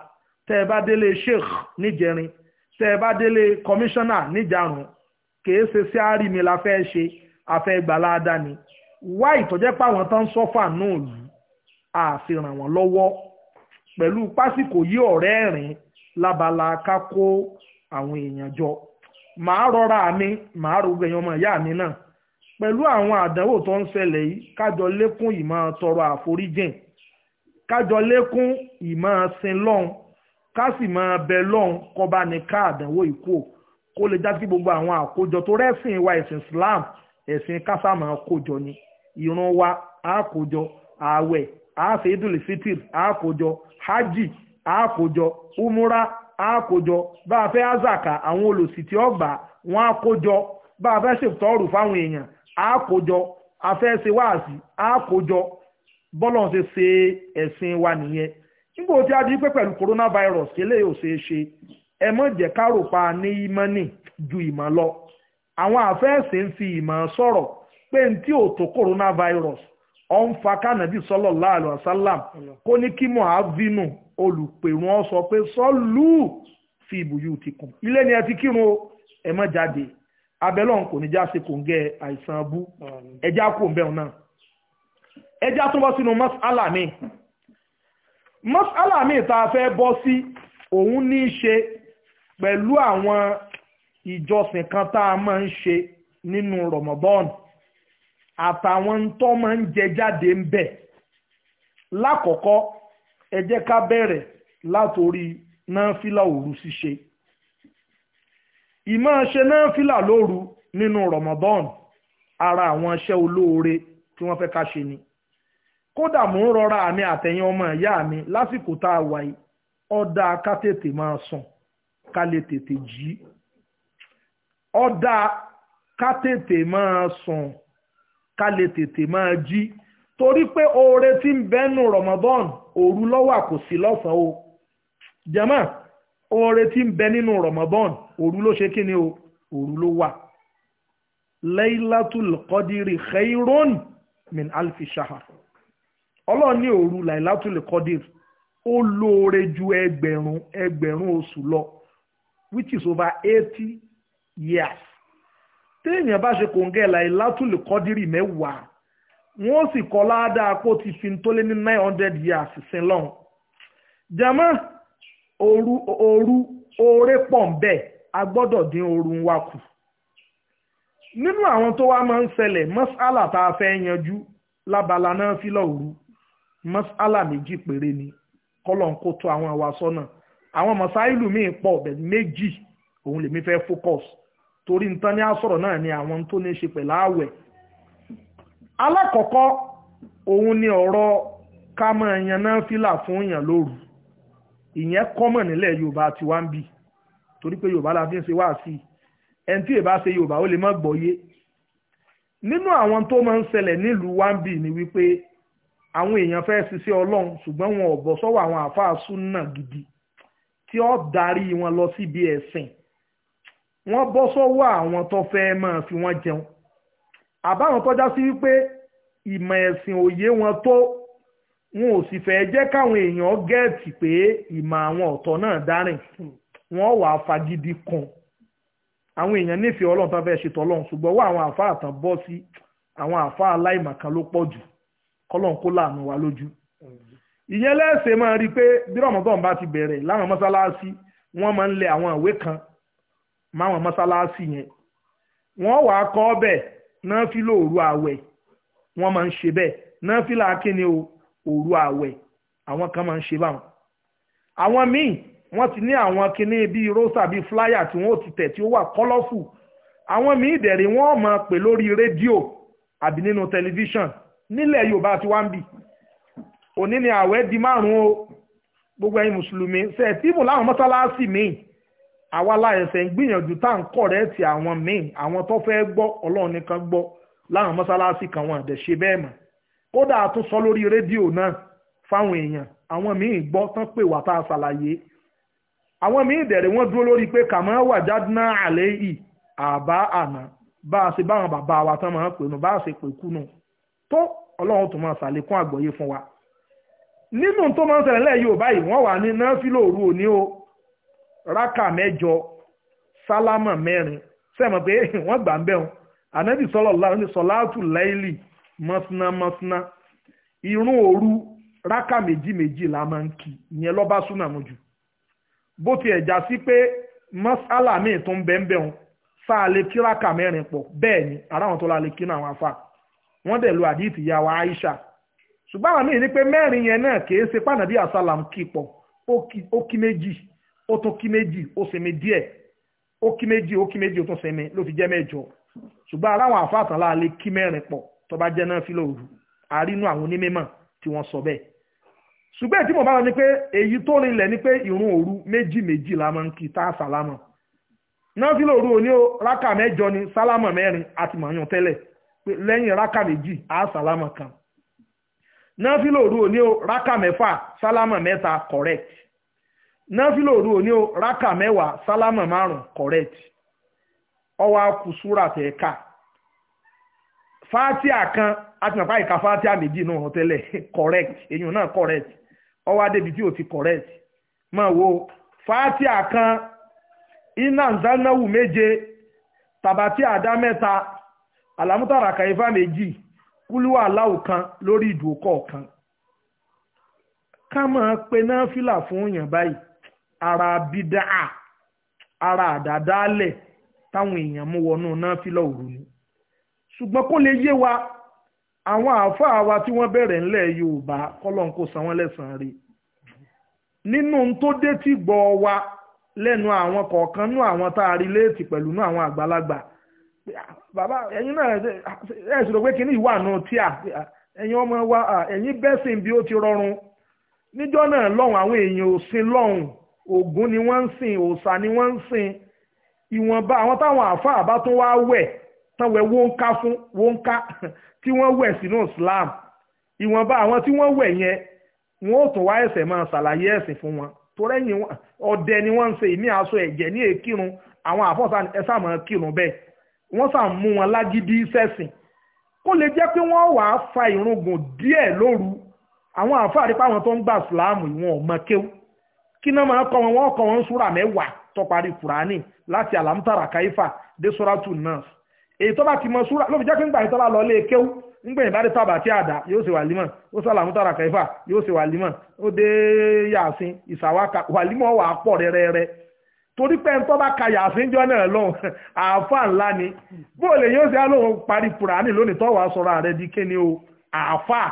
A: tẹ́ ẹ bá délé sheikh níjẹrin tẹ́ ẹ bá délé kọmíṣánná níjàrún kìí ṣe sí àárín mi la fẹ́ ṣe afẹ́ gbàláàdá ni wá ìtọ́jẹ́ páwọn tán sọ́fà náà lù àfihàn wọn lọ́wọ́ pẹ̀lú pásìkò yí ọ̀rẹ́ rìn lábala ká kó àwọn èèyàn jọ màá rọra mi màá rò gbẹ̀yìn ọmọ ìyá mi náà pẹ̀lú àwọn àdánwò tó ń ṣẹlẹ̀ yìí kájọ lékún ìmọ̀ tọrọ àforíjìn kájọ lékún ìmọ̀ sin lọ́hùn ká sì máa bẹ lọ́hùn kọba ní ká àdánwò ìkó kó lè jásí gbogbo àwọn àkójọ tó rẹ́sìn wa ẹ̀sìn Islam ẹ̀sìn kásámà kójọ ni ìran wa àkójọ ààwẹ̀ àfẹ́dùlẹ̀ fitir àkójọ hajj àkójọ umura àkójọ bá a fẹ́ azaka àwọn olùsìn tí ó àkójọ bá a fẹ́ ṣètọ́rù fáwọn èèyàn àkójọ afẹ́ wáàsí àkójọ bọ́lọ̀ ṣe ṣe a di pé pẹ̀lú coronavirus eléyìí ò ṣeé ṣe ẹ mọ̀ ju ìmọ̀ lọ àwọn ń fi ìmọ̀ sọ̀rọ̀ pé coronavirus ọ̀ ń fa kánàbí sọ́lọ̀ láàlú àsálàm kó ní kí olùpèrún ọ sọ pé sọ́lù fi ìbùyù ti kùn ilé ni ẹ ti kírun o ẹ má jáde abẹ́lọ́n kò ní já ṣe kò ń gẹ àìsàn abú ẹja kò ń bẹ̀rùn náà ẹja tó bọ́ sínú mọ́sálà mi mọ́sálà mi tá a fẹ́ bọ́ sí òun ní í ṣe pẹ̀lú àwọn ìjọsìn kan tá a máa ń ṣe nínú Ramadan àtàwọn tó máa ń jẹ jáde ń bẹ̀ lákọ̀ọ́kọ́ ẹ jẹ́ ká bẹ̀rẹ̀ látòrí náfìlà òru ṣíṣe ìmọ̀ ṣe náfìlà lóru nínú Ramadan ara àwọn iṣẹ́ olóore tí wọ́n fẹ́ ká ṣe ni kódà mò ń rọra àmì àtẹ̀yìn ọmọ ìyá mi lásìkò tá a wà yìí ọ̀dà ká tètè máa sùn ká lè tètè jí ọ̀dà ká tètè máa sùn ká lè tètè máa jí torí pé oore tí ń bẹ́nu Ramadan òru lọ́wà kò sí lọ́sàn-án o jama oore tí ń bẹ nínú Ramadan òru ló ṣe kí ni o òru ló wà laylatul qadiri khairun min alfi shahar ọlọ́run ní òru laylatul qadiri ó lóore ju ẹgbẹ̀rún ẹgbẹ̀rún oṣù lọ which is over eighty years téèyàn bá ṣe kòǹgẹ́ laylatul qadiri mẹ́wàá wọ́n sì kọ́ ládàá kó ti fi tó lé ní nine hundred years sin lọ́hùn. jama oru oru oore pọ̀ ń bẹ́ẹ̀ a gbọ́dọ̀ dín oorun wa kù. nínú àwọn tó wá máa ń ṣẹlẹ̀ mọ́sálà tá a fẹ́ yanjú lábala náà fílọ̀ òru mọ́sálà méjì péré ni kọ́lọ̀n kó tó àwọn àwa sọ́nà àwọn mọ̀sáìlù míì pọ̀ bẹ̀ méjì òun lèmi fẹ́ focus torí nǹkan náà ni àwọn tó ní í ṣe pẹ̀lú ààwẹ̀ alákọ̀ọ́kọ́ òun ni ọ̀rọ̀ ká máa yan náfìlà fún èèyàn lóru ìyẹn kọ́mọ̀ nílẹ̀ yorùbá ti wá ń bì torí pé yorùbá la fi ń ṣe wá sí i ẹni tí yorùbá ṣe yorùbá ó lè má gbọ́yé nínú àwọn tó máa ń ṣẹlẹ̀ nílùú wá ń bì ni wípé àwọn èèyàn fẹ́ ṣiṣẹ́ ọlọ́run ṣùgbọ́n wọn ò bọ́ sọ́wọ́ àwọn àáfàá súnà gidi tí ó darí wọn lọ síbi ẹ̀sìn wọ́n bọ́ sọ́wọ́ àwọn tó fẹ́ máa fi wọ́n jẹun àbáwọn tọ́já sí wípé ìmọ̀ ẹ̀sìn òye wọn tó wọn ò sì fẹ́ jẹ́ káwọn èèyàn gẹ́ẹ̀tì pé ìmọ̀ àwọn ọ̀tọ̀ náà dárìn wọn wà á fagídí kan àwọn èèyàn nífẹ̀ẹ́ ọlọ́run tó fẹ́ ṣètò ọlọ́run ṣùgbọ́n wọ́n àwọn àfáà tán bọ́ sí àwọn àfáà aláìmọ̀kan ló pọ̀ jù kọ́lọ́n kó láàánú wa lójú ìyẹn lẹ́sẹ̀ máa rí i pé bí rọ̀mọ́tọ́n bá ti bẹ̀rẹ̀ láwọn mọ́sálásí wọ́n máa ń lẹ àwọn ìwé kan máwọn mọ́sálásí yẹn wọ́n wàá kọ́ bẹ́ẹ̀ náfìlà òru àwẹ̀ wọ́n máa ń ṣe bẹ́ẹ̀ náfìlà kíni o òru àwẹ̀ àwọn kan máa ń ṣe báwọn. àwọn míì wọ́n ti ní àwọn kíní bíi rosa bíi flyer tí wọ́n ti tẹ̀ tí ó wà kọ́lọ́fù àwọn míì dẹ̀rẹ̀ wọ́n máa pè lórí rédíò àbí nínú tẹlifíṣàn nílẹ̀ Yorùbá tí wá ń bì òní ni àwẹ̀ di márùn-ún o gbogbo ẹ̀yin mùsùlùmí ṣe láwọn mọ́sálásì míì àwa láìsẹ̀ ń gbìyànjú tá à ń kọ̀rẹ́ẹ̀tì àwọn míì àwọn tó fẹ́ gbọ́ ọlọ́run nìkan gbọ́ láwọn mọ́sálásí kan wọn àdẹ̀ ṣe bẹ́ẹ̀ mọ̀ kódà a tún sọ lórí rédíò náà fáwọn èèyàn àwọn míì gbọ́ tán pè wá tá a ṣàlàyé àwọn míì dẹ̀rẹ̀ wọ́n dúró lórí pé kàmọ́ wà jádínà àlẹ́ yìí àbá àná bá a ṣe báwọn bàbá wa tán máa ń pè nù bá a ṣe pè kú nù tó ọlọ́run tó máa ṣàlékún àgbọ́yé fún wa nínú tó máa ń ṣẹlẹ̀ lẹ́yìn ò báyìí wọ́n wà ní náà fílò òru òní o Raka mẹ́jọ salama mẹ́rin sẹ́mọ̀ pé wọ́n gbà ń bẹ̀rùn ànábì sallallahu ní sọ̀láàtù láìlì mọ́síná mọ́síná irun òru rákà méjì méjì la máa ń kí ìyẹn lọ́ba súnà mu jù bó ti ẹ̀já sí pé mọ́sálà míì tó bẹ́ẹ̀ bẹ́ẹ̀ sáà lè kí rákà mẹ́rin pọ̀ bẹ́ẹ̀ ni ara wọn tó la lè kí náà wọn fa wọ́n dẹ̀ lu àdìtì ìyá wa Aisha ṣùgbọ́n àwọn míì ní pé mẹ́rin yẹn náà kì í ṣe pànàbí àsálà ń kí pọ̀ ó kí méjì ó tún kí méjì ó sinmi díẹ̀ ó kí méjì ó kí méjì ó tún sinmi ló fi jẹ́ mẹ́jọ ṣùgbọ́n aláwọn àfáàtàn láàlẹ́ kí mẹ́rin pọ̀ tó bá jẹ́ náà fi lóru àrínú àwọn onímọ̀ tí wọ́n sọ bẹ́ẹ̀ ṣùgbọ́n tí mo bá lọ ni pé èyí tó rinlẹ̀ ni pé ìrun òru méjì méjì la máa ń kí tá a sàlámà náà fi lóru òní o rákà mẹ́jọ ni sálámà mẹ́rin àti màáyàn tẹ́lẹ̀ pé lẹ́yìn rákà méjì á sàlámà kan náà fi lóru òní o rákà mẹ́fà sálámà mẹ́ta correct náfìlà òru òní o rákà mẹ́wàá sálámà ọwa correct ọwọ́ akú súrà kan ati nàpá ìka fátíà méjì náà tẹ́lẹ̀ correct èyí náà correct ọwọ́ adébi tí o ti correct ma wo fatia kan iná nzánáwù méje tabati àdá mẹ́ta àlámútàrà kàyífà méjì kúlúwà aláwù kan lórí ìdùnkọ̀ kan ká máa pe náfìlà fún èèyàn báyìí ara bídáà ara àdàdálẹ̀ táwọn èèyàn mú wọnú náà fílà òru ni ṣùgbọ́n kó lè yé wa àwọn àáfàá wa tí wọ́n bẹ̀rẹ̀ ńlẹ̀ Yorùbá kọ́lọ́n kó san wọ́n lẹ́sàn-án rí nínú tó dé tí gbọ́ wa lẹ́nu àwọn kọ̀ọ̀kan nú àwọn tá a rí léètì pẹ̀lú nú àwọn àgbàlagbà bàbá ẹ̀yin náà ẹ̀ sọ̀rọ̀ pé kíní ìwà náà tí à ẹ̀yin ọmọ wa ẹ̀yin bẹ́sìn bí ó ti rọrùn níjọ́ náà lọ́hùn àwọn èèyàn ò sin lọ́hùn Ògún ni wọ́n ń sìn òòṣà ni wọ́n ń sìn ìwọ̀nba àwọn táwọn àáfàá bá tún wá wẹ̀ tán wẹ̀ wọ́nká fún wọ́nká tí wọ́n wẹ̀ sínú Islam ìwọ̀nba àwọn tí wọ́n wẹ̀ yẹn wọ́n ò tún wá ẹ̀sẹ̀ máa ṣàlàyé ẹ̀sìn fún wọn torí ẹ̀yìn ọdẹ ni wọ́n ń ṣe ìmí aṣọ ẹ̀jẹ̀ ní èkírun àwọn àfọ́sà ẹ̀sà máa kírun bẹ́ẹ̀ wọ́n sà ń mú wọn lágídí sẹ́sìn kó lè jẹ́ pé wọ́n wàá fa ìrùngùn díẹ̀ lóru àwọn àfáà rí pé àwọn tó ń gba Islam ìwọ̀n ọ̀mọ kí náà máa kọ́ wọn wọ́n kọ́ wọn súra mẹ́wàá tó parí kùránì láti alamtara kaifa dé suratu nas èyí tó bá ti mọ súra ló fi jẹ́ pé ńgbà ìtọ́lá lọ lé kéwú ńgbà ìbá dé tábà tí àdá yóò ṣe wàlímọ̀ ó sàlámùtàrà kaifa yóò ṣe wàlímọ̀ ó dé yàsín ìsàwákà wàlímọ̀ wà á pọ̀ rẹ́rẹ́rẹ́ torí pé ń tó bá ka yàsín jọ náà lọ́hùn àáfàá ńlá ni bóòlè yóò ṣe alóhùn parí kùránì lónìí tó wàá sọ̀rọ̀ àrẹ di kéne o àáfàá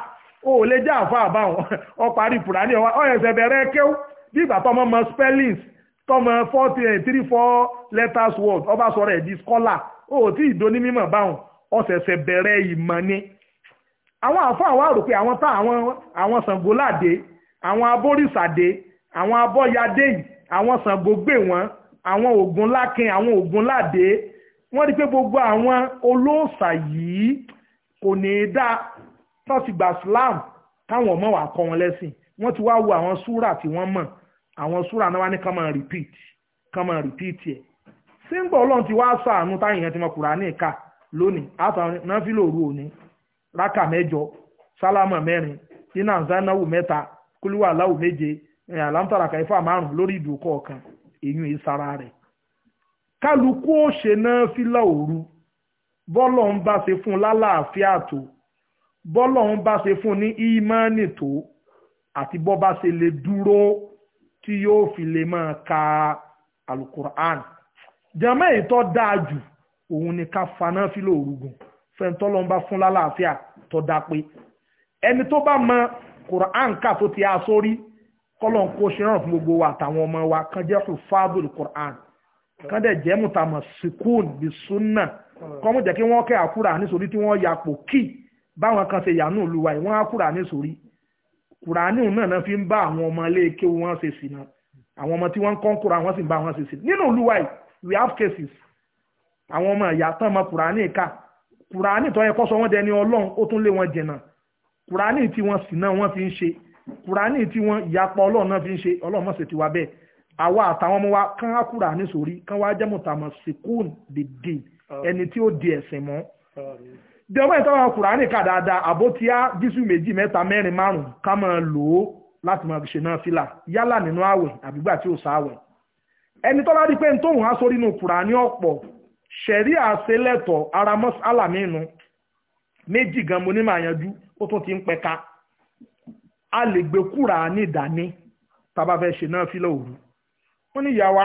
A: o ò lè jẹ́ àáfàá báwọn ọ parí kùránì ọwọ́ ọ̀yẹ̀sẹ̀ bẹ̀rẹ̀ kéwú bí ìgbà tó ọmọ mọ spellings forty and three four letters word ọba sọ̀rọ̀ ẹ̀ di scholar o ò tí ì doni mímọ̀ báwọn ọ̀sẹ̀sẹ̀ bẹ̀rẹ̀ ìmọ̀ ni. àwọn àfáà wa rò pé àwọn tá àwọn àwọn Ṣàngóládé àwọn abórìṣàdé àwọn abọ́yadé yìí àwọn Ṣàngó gbè wọ́n àwọn Ògúnlákin àwọn Ògúnládé wọ́n rí pé gbogbo àwọn olóòṣà yìí kò ní í dá tọ́sígbà Islam táwọn ọmọ wa kọ́ wọn lẹ́sìn wọ́n ti wá wo àwọn súrà tí wọ́n mọ̀ àwọn súrà náà wá ní ká máa repeat ká máa repeat ẹ̀ sígbà ọlọ́run ti wá sàánú táyì yẹn ti mọ Kùránì ká lónìí àtàwọn náfìlì òru òní rákà mẹ́jọ sálámà mẹ́rin iná zanáwù mẹ́ta kúlúwà aláwù méje àlámtàràkà ifá márùn lórí ìdù kọ̀ọ̀kan èyí ìsara rẹ̀ kálukú ó ṣe náfìlà òru bọ́lọ̀ ń bá ṣe fún lálàáfíà tó bọ́lọ̀ ń bá ṣe fún ní ímánì tó àti bọ́ bá ṣe lè dúró tí yóò fi lè máa ka alukur'an jama ìtọ́ dáa jù òun ni ká faná fílò òrùgùn fẹ́ntọ́lọ́n bá fún lálàáfíà tó dá pé ẹni tó bá mọ kur'an ká tó ti asórí kọ́lọ̀ ń kó ṣe fún gbogbo wa àtàwọn ọmọ wa kan jẹ́ fún fábùl kur'an kan dẹ̀ jẹ́ mùtàmọ̀ sikun bí sunna kọ́mú jẹ́ kí wọ́n kẹ́ àkúrà nísorí tí wọ́n yàpò kí báwọn kan ṣe yànú olúwa yìí wọ́n nísorí kùránì náà náà fi ń bá àwọn ọmọ ilé kéwu wọn ṣe sí náà àwọn ọmọ tí wọ́n ń kọ́ kúránì wọ́n sì ń bá wọn ṣe sí nínú olúwa yìí we have cases àwọn ọmọ ìyá tán ọmọ kùránì ká kùránì tó yẹ kó sọ wọ́n dẹni ọlọ́run ó tún lé wọn jìnnà kùránì tí wọ́n sì náà wọ́n fi ń ṣe kùránì tí wọ́n ìyapa ọlọ́run náà fi ń ṣe ọlọ́run mọ̀ sí tiwa bẹ́ẹ̀ àwa àtàwọn ọmọ wa kán á kùránì sórí kán wá jẹ́ mọ̀tàmọ̀ sikun dìde ẹni tí ó di ẹ̀sìn kùrà ní kùránì kà tí a jísù méjì mẹ́ta mẹ́rin márùn-ún ká máa lò ó láti máa ṣe náà fìlà yálà nínú àwẹ̀ àbígbà tí ò sáwẹ̀ ẹni tọ́lá rí pé ń tóun á sórí inú kùránì ọ̀pọ̀ méjì gan mo ní màá yanjú ó ń a lè gbé ìdání tábà fẹ́ ṣe náà fìlà òru wọ́n ní ìyàwó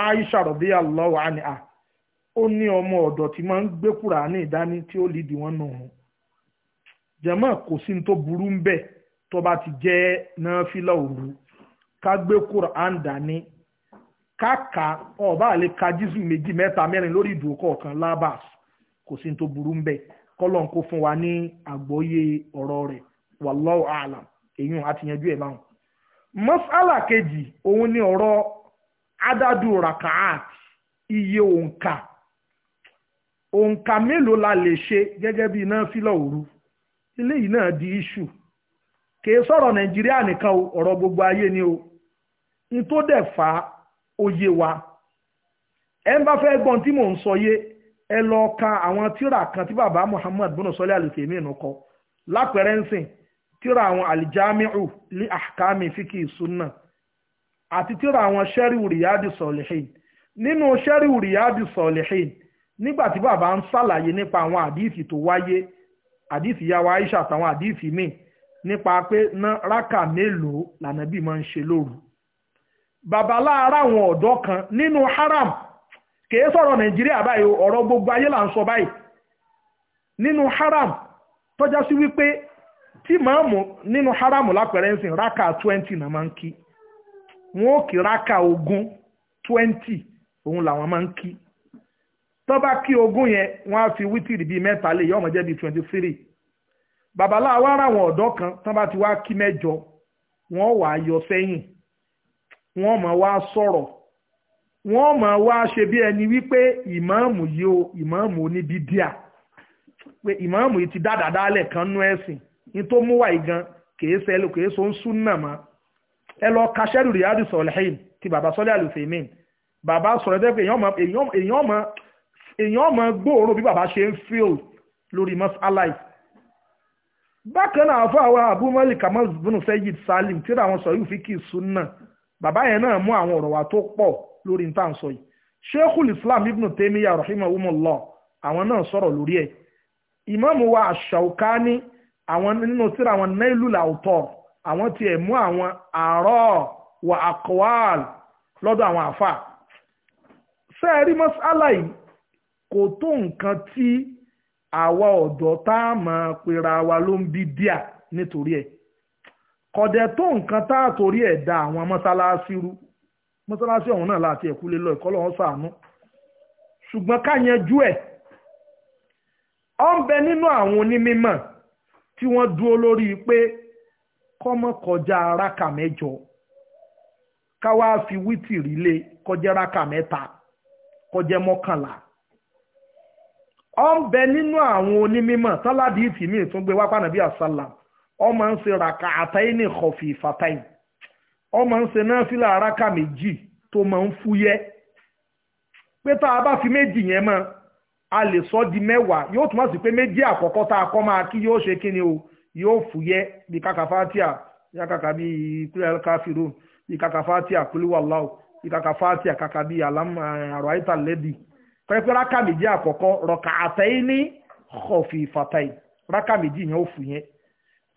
A: ó ní ọmọ ọ̀dọ̀ tí máa ń gbé tí ó lè nù jẹ̀mọ́ kò sí ní tó burú ń bẹ̀ tó bá ti jẹ́ náfìlà òru ká gbé Qur'an dání ká kà ọ̀bá àlè ka jísù méjì mẹ́ta mẹ́rin lórí ìdúró kọ̀ọ̀kan labas kò sí ní tó burú ń bẹ̀ kọ́lọ́n kó fún wa ní àgbọ́yé ọ̀rọ̀ rẹ̀ wallahu a'lam èyí àti yanjú ẹ̀ báwọn. mọ́sálà kejì òun ni ọ̀rọ̀ adadu rakaat iye òǹkà òǹkà mélòó la lè ṣe gẹ́gẹ́ bí náfìlà òru eléyìí náà di iṣu kìí sọ̀rọ̀ nàìjíríà nìkan o ọ̀rọ̀ gbogbo ayé ni o n tó dẹ̀ fa oyé wa ẹ ń bá fẹ́ gbọ́n tí mò ń sọ yé ẹ lọ ka àwọn tíra kan tí bàbá Muhammad bùnú sọlé àlùfẹ́ mi nù kọ lápẹ̀rẹ́ ń sìn tíra àwọn alijamiu ní àkàmì fíkì sunna àti tíra àwọn sẹ́ríwù rìyádì sọ̀lẹ́hìn nínú sẹ́ríwù rìyádì sọ̀lẹ́hìn nígbà tí bàbá ń ṣàlàyé nípa àwọn àdìsí tó wáyé àdìsí yàwó Aisha àtàwọn àdìsí míì nípa pé rákà mélòó lànàbí máa ń ṣe lóru babalára àwọn ọ̀dọ́ kan nínú haram kìí sọ̀rọ̀ Nàìjíríà báyìí ọ̀rọ̀ gbogbo ayé là ń sọ báyìí nínú haram tọ́já sí wípé tí màámù nínú haram lápẹ̀rẹ̀ ń sìn rákà twenty náà máa ń kí wọn ó kí rákà ogún twenty òun làwọn máa ń kí tó bá kí ogún yẹn wọ́n á fi wítìrì bíi mẹ́ta lé yọ̀ọ́mọ̀ jẹ́ bíi twenty three babaláwa wá ra àwọn ọ̀dọ́ kan tó bá ti wá kí mẹ́jọ wọ́n wà á yọ sẹ́yìn wọ́n máa wá sọ̀rọ̀ wọ́n máa wá ṣe bí ẹni wípé ìmáàmù yìí o ìmáàmù oníbídíà pé ìmáàmù yìí ti dádàdálẹ̀ kan nú ẹ̀sìn ní tó mú wà igan kèé sẹ́lò kèé so ń sún náà mọ́ ẹ lọ kaṣẹ́rù riyadu ti bàbá sọ́lẹ́ àlùfẹ́mìn bàbá sọ̀rọ̀ tẹ́ èèyàn ọmọ gbóòórùn bí bàbá ṣe ń fíl lórí mọ́sálàì bákan náà fún àwọn abúmọ́lì kamal bin sayid salim tí àwọn sọ yìí fi kì í sún náà bàbá yẹn náà mú àwọn ọ̀rọ̀ wá tó pọ̀ lórí nta sọ yìí sheikhul islam ibn taymiya rahimahumullah àwọn náà sọ̀rọ̀ lórí ẹ̀ ìmáàmù wa aṣàukání àwọn nínú tíra àwọn nailul autor àwọn tiẹ̀ mú àwọn àárọ̀ wà àkọ́wàl lọ́dọ̀ àwọn àfà sẹ́ẹ̀rí mọ́sálà yìí kò tó nǹkan tí àwa ọ̀dọ́ tá a máa pera wa ló ń bí díà nítorí ẹ̀ kọ̀dẹ̀ tó nǹkan tá a torí ẹ̀ da àwọn mọ́sálásí rú mọ́sálásí ọ̀hún náà láti ẹ̀kú lé lọ ẹ̀kọ́ lọ́wọ́ sàánú ṣùgbọ́n ká yanjú ẹ̀ ọ ń bẹ nínú àwọn onímọ̀ tí wọ́n dúró lórí pé kọ́mọ kọjá rákà mẹ́jọ káwá fi wítìrí lé kọjá rákà mẹ́ta kọjá mọ́kànlá ọ ń bẹ nínú àwọn onímọ̀ tọ́ládì ìfìmí ìtúngbé wápá nàbí àsálà ọ máa ń ṣe ràkà àtàyìnì kọfì ìfàtàyìn ọ máa ń ṣe náfìlà àràkà méjì tó máa ń fúyẹ́ pé tá a bá fi méjì yẹn mọ́ a lè sọ di mẹ́wàá yóò túmọ̀ sí pé méjì àkọ́kọ́ tá a kọ́ máa kí yóò ṣe kí ni o yóò fúyẹ́ bí kàkà fátíà bí kàkà bí kúlẹ̀ káfíròn bí kàkà fátíà kúlẹ̀ wàláwò bí kàkà fátíà kàkà bí pẹ́pẹ́ rákà méjì àkọ́kọ́ rọ̀kà àtẹ́yìn ní kọ̀fì ìfàtàyì rákà méjì yẹn ó fù yẹn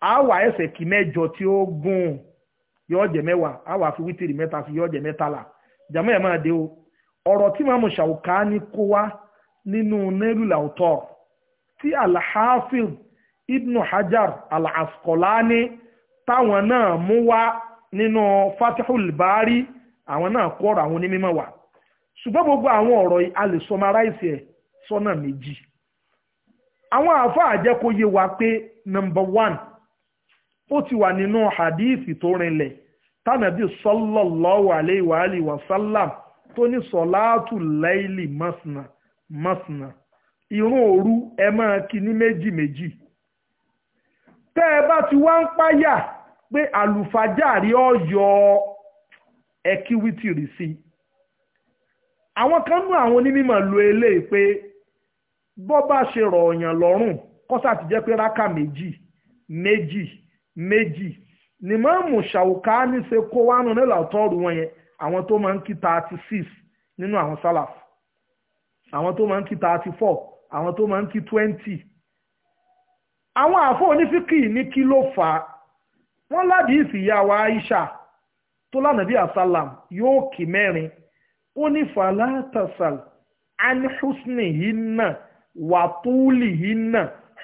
A: á wà ẹsẹ̀ kí mẹ́jọ tí ó gùn yóò jẹ mẹ́wàá á wà fi wítìrì mẹ́ta fi yóò jẹ mẹ́tàlá jàmọ́ ẹ̀ máa dé o ọ̀rọ̀ tí màmú Ṣàwùkání kó wá nínú nílùú làwùtọ́ tí alhafiz ibn hajar al táwọn náà mú wá nínú fatihul bari àwọn náà kọ́ra àwọn onímọ̀ wá ṣùgbọ́n gbogbo àwọn ọ̀rọ̀ a lè summarize ẹ̀ sọ́nà méjì àwọn àáfàá jẹ́ kó yé wa pé number one ó ti wà nínú hadithi tó rinlẹ̀ tánàbí sallallahu alayhi wa alihi tó ní sọ̀láàtù láìlì masna masna ìrun òru ẹ máa kí ní méjì méjì tẹ́ ẹ bá ti wá ń páyà pé ọ̀yọ́ sí i àwọn kan nú àwọn onímọ̀ lo eléyìí pé bọ́ bá ṣe rọ̀ ọ̀yàn lọ́rùn kọ́sà ti jẹ́ pé rákà méjì méjì méjì ni mọ́ọ̀mù ṣàwùká ní ṣe kó wánu nílà ọ̀tọ́ọ̀rù wọn yẹn àwọn tó máa ń kí thirty six nínú àwọn sálàf àwọn tó máa ń kí thirty four àwọn tó máa ń kí twenty àwọn àfọ onífíkì ní kí ló fà á wọ́n ládìí ìsìyá wa Aisha tó lánàá bí asálàm yóò kí mẹ́rin ó ní falatasal an husni hinna wàtúùlì hinna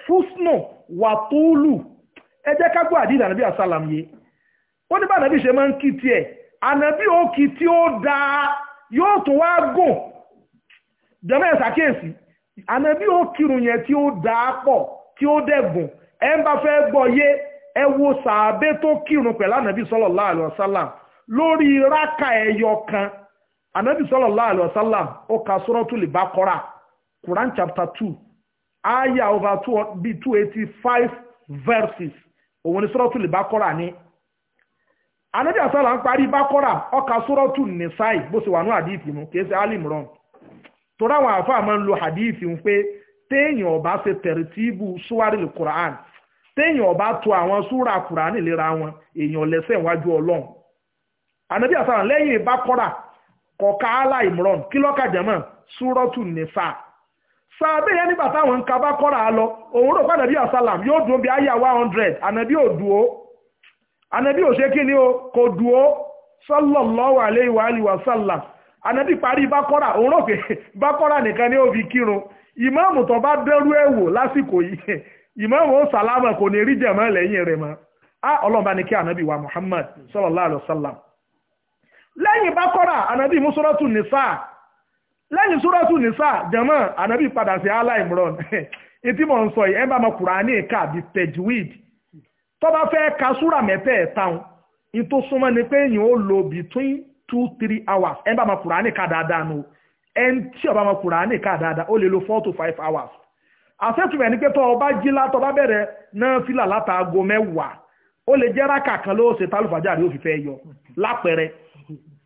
A: husnu wàtúùlù ẹ jẹ́ ká gbọ́ àdìdà nàbí àsálàm yé ó ní bá nàbí ṣe máa ń kí tiẹ̀ ànàbí ó kí tí ó dáa yóò tún wá gùn jẹ́mọ́ ẹ̀ ṣàkíyèsí ànàbí ó kírun yẹn tí ó dáa pọ̀ tí ó dẹ̀gùn ẹ ń bá fẹ́ gbọ́ yé ẹ wo sàábé tó kírun pẹ̀lú ànàbí sallallahu alaihi wasallam lórí rákà ẹyọ kan anabi sallallahu alaihi wasallam ó ka suratul baqara quran chapter two aya over two B two eighty five verses òun ni suratul baqara ní anabi asala ń parí baqara ó ka suratul nisai bó ṣe wà ní hadithi mu kì í ṣe alimran torí àwọn àáfàá máa ń lo hadithi ń pé téèyàn ọba ṣe tẹ̀rìtìbù suwaril quran téèyàn ọba tò àwọn súra quran lera wọn èèyàn lẹ́sẹ̀ wájú ọlọ́run anabi asala lẹ́yìn baqara kọ̀ọ̀ká ala imran kí lọ́kà jẹ́mọ̀ súrọ́tù nífà sàbẹ̀ yẹn nígbà táwọn nǹkan bá kọ́ra lọ òun rò pàdé bí asalam yóò dúró bí àyà one hundred ànàbí ò dúó o ò ṣe kí ni o ko dúó sallallahu alayhi wa alihi wa sallam ànàbí parí bákọ́ra owurọ rò pé bákọ́ra nìkan ni ó fi kírun ìmáàmù tó bá dẹ́rú ẹ̀ wò lásìkò yìí ìmáàmù ó sàlámà kò ní rí jẹ̀mọ́ lẹ́yìn rẹ̀ mọ́ á ọlọ́mọba ni kí ànàbí wa Muhammad sallallahu alayhi wa sallam lẹ́yìn bákọ́rà ànábì mú nisa nìsà lẹ́yìn sọ́rọ́tù nisa jẹ̀mọ́ ànábì padà sí aláìmọ̀ràn etí mọ̀ ń yìí ẹ̀ bá ma Kùránì ká bí tajwid tó fẹ́ ka ni pé èèyàn ó lo between two three hours ẹ̀ bá ma Kùránì ká dáadáa nù ẹ̀ tí ma ká dáadáa ó lo four to hours àṣẹ́tùmẹ̀ ní pé tó o bá jí bẹ̀rẹ̀ náà mẹ́wàá ó lè jẹ́ rákà kan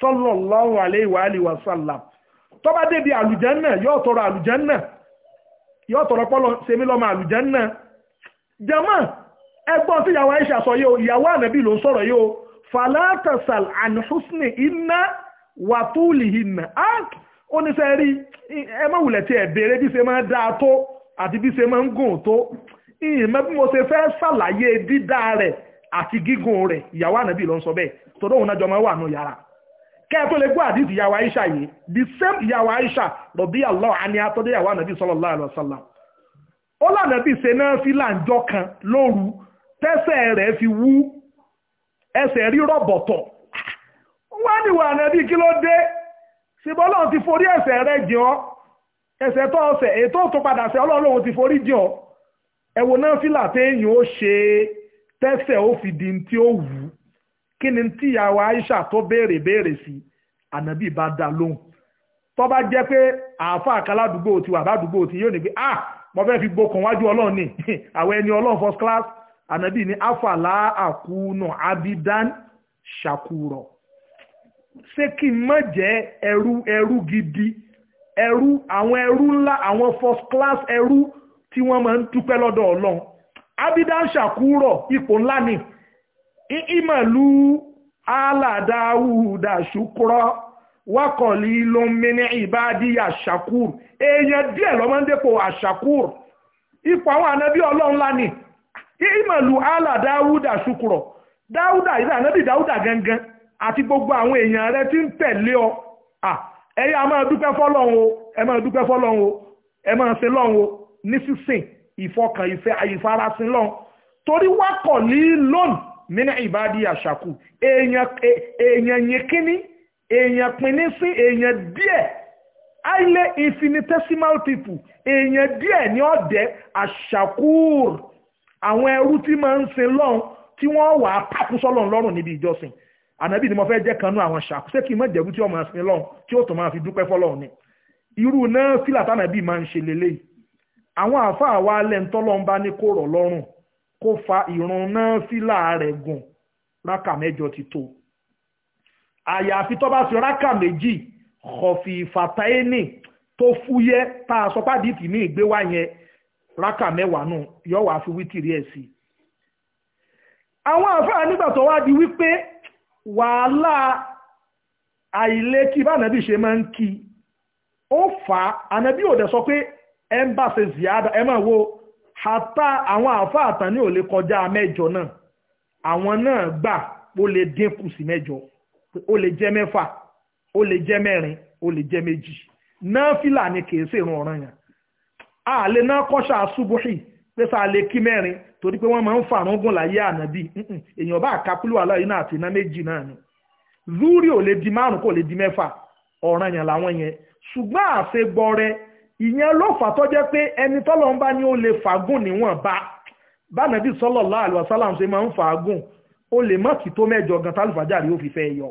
A: sallallahu alayhi wa alihi wa sallam tó bá débi àlùjànnà yóò tọrọ àlùjànnà pọ́lọ sẹ́mi lọ́mọ àlùjànnà jẹ́mọ́ ẹgbọ́n tí ìyàwó Aisha sọ yóò ìyàwó ànábì ló ń sọ̀rọ̀ yóò falatasal an husni inna wa tulihinna ó ní sẹ́rí ẹ wulẹ̀ tí bí dáa tó àti bí ń gùn tó ìyìn mo ṣe fẹ́ dídá rẹ̀ àti gígùn rẹ̀ kẹ́ẹ̀ tó àdìsí ìyàwó Aisha yìí the same ìyàwó Aisha rọ̀bí àlọ́ àní atọ́dẹ́yàwó ànàbí sallallahu alaihi wasallam ó lànàbí ṣe náà fi láǹjọ́ kan lóru tẹ́sẹ̀ rẹ̀ fi wú ẹsẹ̀ rí rọ̀bọ̀tọ̀ wọ́n á níwọ̀ ànàbí kí ló dé ṣùgbọ́n ọlọ́run ti forí ẹsẹ̀ rẹ̀ jẹ́ ọ́ ẹsẹ̀ tó ọsẹ̀ ètò tó padà sẹ́ ọlọ́run ti kí ni tíyàwó Aisha tó béèrè béèrè sí ànábì bá dá lóhùn tó bá jẹ́ pé àáfàá kan ti wà ládùúgbò ti yóò ní pé ah mo fẹ́ fi gbokàn wájú ọlọ́run ni àwọn ẹni ọlọ́run first class ànábì ni àfàlà àkúnù abidan ṣàkúrọ̀ ṣé kí n má jẹ́ ẹrú ẹrú gidi ẹrú àwọn ẹrú ńlá àwọn first class ẹrú tí wọ́n máa ń dúpẹ́ lọ́dọ̀ ọlọ́run abidan ṣàkúrọ̀ ipò ńlá ni. ihe imelu aladaawuda sukuro wakoli lonmeni ibaadi ashakuru eyan die lomode po ashakuru ipo awon anabi o lon la ni imelu aladaawuda sukuro dawuda yibe anabi dawuda gangan ati gbogbo awon eyan re ti n tele ah eya ama-adu pe folon o emo-adu pe folon o emo-afin lon ni 15 ifo ka ife ayifara-sin lon tori wak mínú ìbádìí àṣàkù èèyàn yẹn kíní èèyàn pinni sí èèyàn díẹ̀ àìlè infinitesimal people èèyàn díẹ̀ ní ọ̀dẹ́ àṣàkùr àwọn ẹrú tí máa ń sin lọ́hùn tí wọ́n wà á pàkú sọ́lọ́hùn lọ́rùn níbi ìjọsìn ànábì ni mo fẹ́ jẹ́ kanú àwọn ṣàkù ṣé kí n má jẹ̀bú tí wọ́n máa sin lọ́hùn tí ó tún máa fi dúpẹ́ fọ́lọ́hùn ni irú náà fílà tánàbì máa ń ṣe lélẹ́yìí àwọn àáfàá wa lẹ́ńtọ́lọ́hùn bá ní kó rọ̀ lọ́rùn kó fa ìrun náà fílà rẹ̀ gùn rákà mẹ́jọ ti tó àyàfi tó bá fi rákà méjì kọ̀fì fàtáínì tó fúyẹ́ tá a sọ pàdé tì ní ìgbéwá yẹn rákà mẹ́wàá náà yọ wàá fi wítìrí ẹ̀ sí i àwọn àfáà nígbà tó wá di wípé wàhálà àìlé kí bá ṣe máa ń kí ó fà á ànàbí ò dẹ̀ sọ pé ẹ ń bá ṣe ziyada ẹ máa wo hàtà àwọn àáfà àtàn ní ò lè kọjá mẹ́jọ náà àwọn náà gbà ó lè dínkù sí mẹ́jọ ó lè jẹ́ mẹ́fà ó lè jẹ́ mẹ́rin ó lè jẹ́ méjì náfìlà ni kì í sì rún ọ̀ràn yẹn a lè ná kọ́ṣà ṣubúhì pé sáà lè kí mẹ́rin torí pé wọ́n máa ń fàrúngùn láyé ànábì èèyàn bá kápúlù aláyé náà àti iná méjì náà ni zúrì ò lè di márùn kò lè di mẹ́fà ọ̀ràn yẹn làwọn yẹn ṣùgbọ́n àṣegbọ́ rẹ̀ ìyẹn ló fà tó jẹ́ pé ẹni tọ́lọ̀ ń bá ní ó lè fàágùn níwọ̀n bá bánàbí sallallahu alaihi wasallam ṣe máa ń fàágùn ó lè má kì tó mẹ́jọ gan tálùfàjàrí ó fi fẹ́ yọ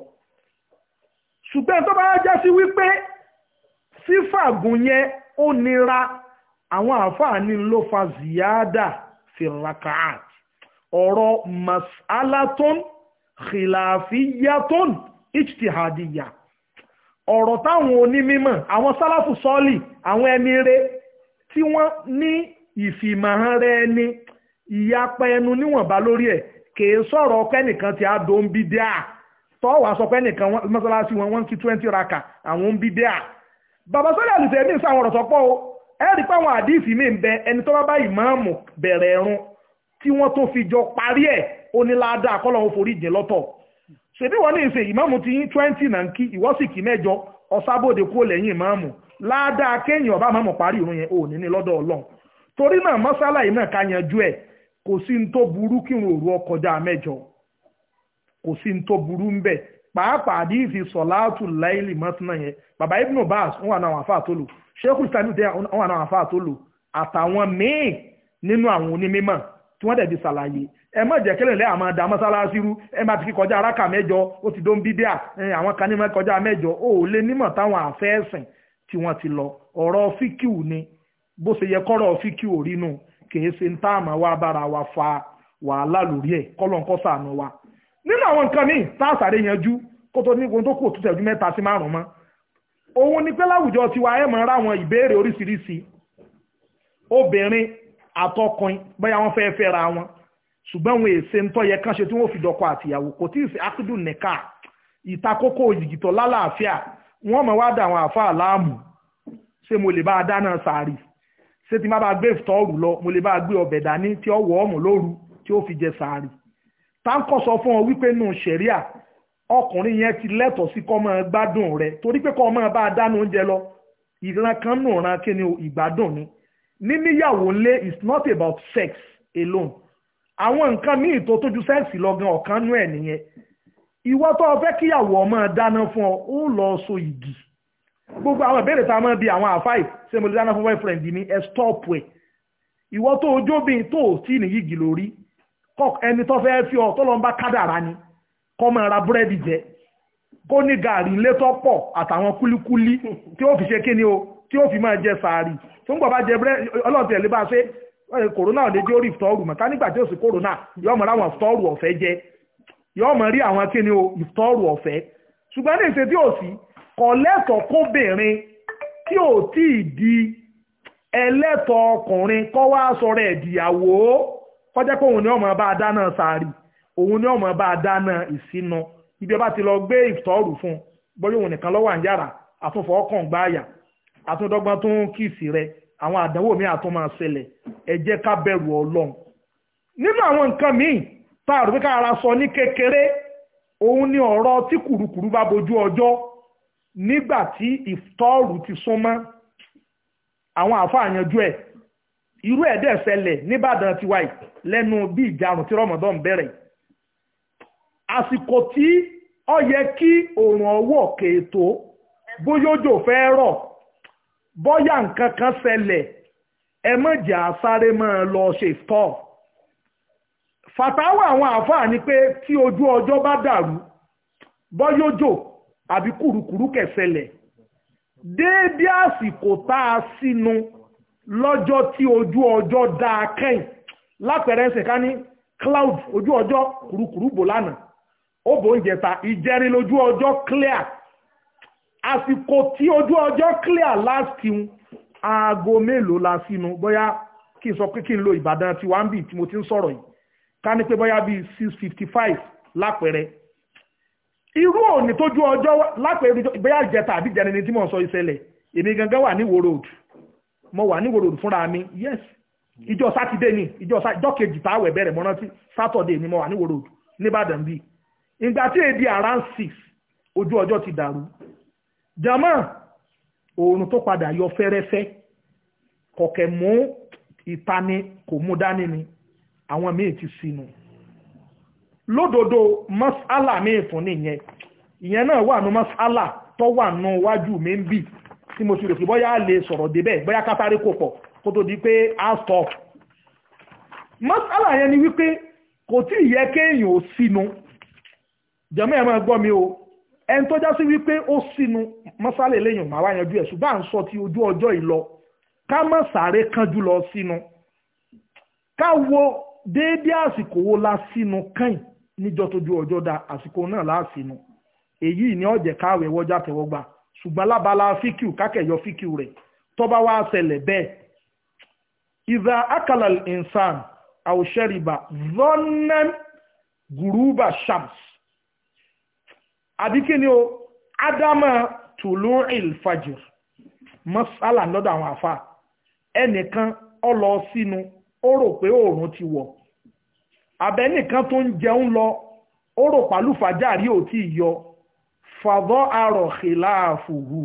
A: ṣùgbọ́n tó bá já sí wípé fífàgùn yẹn ó nira àwọn àǹfààní ló fa ziyada firakaat ọ̀rọ̀ masalaton khilafiyaton ijtihadiyah ọ̀rọ̀ táwọn onímímọ̀ àwọn sálàfù sọ́ọ̀lì àwọn ẹni rẹ tí wọ́n ní ìfìmọ̀ràn rẹ ni ìyapa ẹnu níwọ̀nba lórí ẹ̀ kèé sọ̀rọ̀ ọpẹ́nìkan ti àdó ń bí dé à tọ́wọ́ aṣọ pẹ́nìkan mọ́sálásí wọn wọ́n kí twenty raka àwọn ń bí dé à bàbá sọ́ọ̀lì àlùfẹ́ mi sáwọn ọ̀rọ̀ sọ́pọ̀ o ẹ rí pé àwọn àdífì mi ń bẹ ẹni tó bá bá ìmáàmù bẹ̀rẹ̀ ẹ̀rùn tí wọ́n tó fi jọ parí ẹ̀ ó ní ṣebí wọn ní ìsìn ìmáàmù ti yín twenty na nkí ìwọ sì kí mẹ́jọ ọ̀sábòde kúrò lẹ́yìn ìmáàmù ládàá ọba àmọ́ parí ìrun yẹn ò ní ní lọ́dọ̀ ọlọ́run torí náà mọ́sálà náà ká yanjú ẹ̀ kò sí ní tó burú kí n òru ọkọjá mẹ́jọ kò sí ní tó burú ń bẹ̀ pàápàá àdìsí sọ̀láàtù láìlì yẹn bàbá wà náà sheikh wà náà àfáà tó lò ẹ má jẹ́ kẹ́lẹ̀lẹ́ àmọ́ dá mọ́sálásí rú ẹ má ti kí kọjá aráka mẹ́jọ ó ti dóun bídíà àwọn kan ní mọ́ kọjá mẹ́jọ ó lé nímọ̀ táwọn àfẹ́ẹ̀sìn tí wọ́n ti lọ ọ̀rọ̀ fíkìú ni bó ṣe yẹ kọ́rọ̀ fíkìú òrínú kìí ṣe ń tá àmọ́ wa bára wa fa wàhálà lórí ẹ̀ kọ́lọ́nkọ́ sànù wa nínú àwọn nǹkan míì tá a sáré yanjú kó tó ní ohun tó kù tó tẹ̀jú mẹ́ta sí márùn-ún mọ́ òun ni pé láwùjọ tiwa ẹ̀ mọ̀ ra àwọn ṣùgbọ́n àwọn èsè ń tọ́yẹ kán ṣe tí wọ́n fi dọkọ àtìyàwó kò tí ì sí akudu nìka ìtakókò ìjìgìtọ̀ lálàáfíà wọ́n mọ̀ wá dà àwọn àfáà láàmú ṣé mo lè bá a dáná sàárì ṣé tí má bá gbé ìtọ́ọ̀rù lọ mo lè bá a gbé ọbẹ̀ dání tí ó wọ̀ ọ̀mù lóru tí ó fi jẹ sàárì táǹkọ̀ sọ fún ọ wípé nù ṣẹ̀ríà ọkùnrin yẹn ti lẹ́tọ̀ọ́ sí kọ́mọ gbádùn rẹ̀ torí pé kọ́mọ ni ni níníyàwó lé is not about sex alone àwọn nǹkan míì tó tójú sẹ́ẹ̀sì lọ́gán ọ̀kan nú ẹ̀ nìyẹn ìwọ tó fẹ́ kíyàwó ọmọ dáná fún ọ ó lọ so igi gbogbo àwọn ìbéèrè tá a máa bi àwọn àfáì ṣé mo lè dáná fún boyfriend mi ẹ stop ẹ ìwọ tó ojóbìn tó ò tí ní yìgì lórí ẹni tó fẹ́ fi ọ tó lọ ń bá kádàrá ni kó máa ra búrẹ́dì jẹ kó ní gàrí létọ́ pọ̀ àtàwọn kúlíkúlí tí ó fi ṣe kíni o tí ó fi máa jẹ sàárì tó ń jẹ búrẹ́dì ọlọ́ọ̀tẹ̀ lè bá ṣe kòrónà ò lè jẹ́ orí ìfọ̀rù mọ̀ ká nígbà tí ó sì kòrónà yóò mọ̀ ráwọn ìfọ̀rù ọ̀fẹ́ jẹ yóò mọ̀ rí àwọn kíni o ìfọ̀rù ọ̀fẹ́ ṣùgbọ́n ní ìṣe tí ò sí kọ̀lẹ́tọ̀ kóbìnrin tí di ẹlẹ́tọ̀ ọkùnrin kọ́ wá sọ̀rọ̀ ni ọmọ bá dáná sàárì òun ibi ọba ti lọ gbé ìfọ̀rù fún àwọn àdánwò mi àtọ́ máa ṣẹlẹ̀ ẹ jẹ́ ká bẹ̀rù ọlọ́run nínú àwọn nǹkan míì tá a rò pé ká sọ ní kékeré òun ni ọ̀rọ̀ tí kùrukùru bá bojú ọjọ́ nígbà tí ìtọ́ọ̀rù ti súnmọ́ àwọn àáfàá yanjú ẹ̀ irú ẹ̀ dẹ̀ ṣẹlẹ̀ nìbàdàn tiwa yìí lẹ́nu bí ìjarun tí rọmọdán bẹ̀rẹ̀ àsìkò tí ó yẹ kí òòrùn ọwọ́ kèétó bóyójò fẹ́ rọ̀ bọ́yá nǹkan kan ṣẹlẹ̀ ẹ àsáré máa lọ ṣe fàtàwọ̀ àwọn ni pé tí ojú ọjọ́ bá dàrú àbí kùrùkùrù àsìkò tá a sínú lọ́jọ́ tí ojú ọjọ́ dáa kẹ́yìn lápẹ̀rẹ̀ ní cloud ojú ọjọ́ kùrùkùrù bò lánàá ó bò àsìkò tí ojú ọjọ́ clear last un aago mélòó la sínú bóyá kí n sọ pé kí n lo Ìbàdàn tí wàá ń bì tí mo ti ń sọ̀rọ̀ yìí ká ní pé bóyá bíi six fifty five lápẹẹrẹ irú òní tójú ọjọ́ lápẹẹrẹ bóyá ìjẹta àbí ìjẹni ni tí mò ń sọ ìṣẹ̀lẹ̀ èmi gangan wà ní Ìwó road mo wà ní Ìwó road fúnra mi yes ìjọ sátidé ni ìjọ kejì táwẹ̀ bẹ̀rẹ̀ mọ́ rántí sátọ̀dé ni mo wà ní Ìwó road ní Ìbàdàn bíi ìgbà tí èdè around six ojú ọjọ́ ti dàrú jama oorun tó padà yọ fẹ́rẹ́fẹ́ kọ̀kẹ́ mú ìtani kò mú dání ni àwọn míì ti sínú lódodo masala míì fún nìyẹn ìyẹn náà wà ní masala tó wà nù wájú mi ń bì tí mo ti rò pé bóyá lè sọ̀rọ̀ débẹ̀ bóyá kátàrí kò pọ̀ kó di pé a sọ masala yẹn ni wípé kò tí o ẹni tó já sí mọ́sálẹ̀ lẹ́yìn màá wá yanjú ẹ̀ ṣùgbọ́n à ń sọ ti ojú ọjọ́ ìlọ ká má sáré kánjú lọ sínú ká wo déédé àsìkò wo la sinu kain nijo toju ọjọ́ da àsìkò la sinu eyi ni ọ̀jẹ̀ káwé wọ́jà tẹ̀wọ́gbà ṣùgbọ́n lábala fíkìú kákẹ́yọ fíkìú rẹ̀ tọ́ba wá ṣẹlẹ̀ be ìzà akala insan àwòṣẹ́rìbà zọ́nẹ́n guruba shams àbíkí ni o tùlú ìlfàjìr mọ́sálà lọ́dọ̀ àwọn àfa ẹnìkan ó lọ sínú ó rò pé oòrùn ti wọ̀ abẹ́nìkan tó ń jẹun lọ ó rò pàlúfàjárì ò tí ì yọ fàbọ́ àrọ̀ khìláàfùhù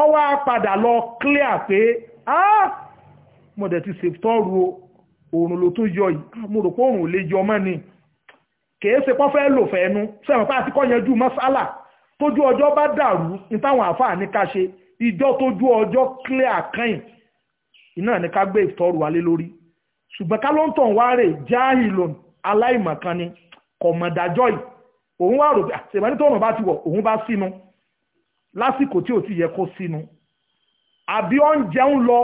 A: ọ wá padà lọ clear pé mo dẹ̀ ti ṣètọ́rù oòrùn ló tó yọ yìí ah, mo rò pé oòrùn ò lè yọ mọ́ ni kèé ṣe fẹ́ lò fẹ́ẹ́nu sẹ́wọ̀n pé àti kọ́ yanjú mọ́sálà tójú ọjọ́ bá dàrú ìtàwọn àáfàá ní ká ṣe ìjọ tójú ọjọ́ clear kain iná ní ká gbé ìtọ́rù wálé lórí ṣùgbọ́n ká ló ń tàn wáre jahilon aláìmọ̀kan ni kọ̀mọ̀dájọ́ yìí òun wà rò pé ṣèbáni tó ọ̀nà bá ti wọ̀ òun bá sínú lásìkò tí ò ti yẹ kó sínú àbí oúnjẹ ń lọ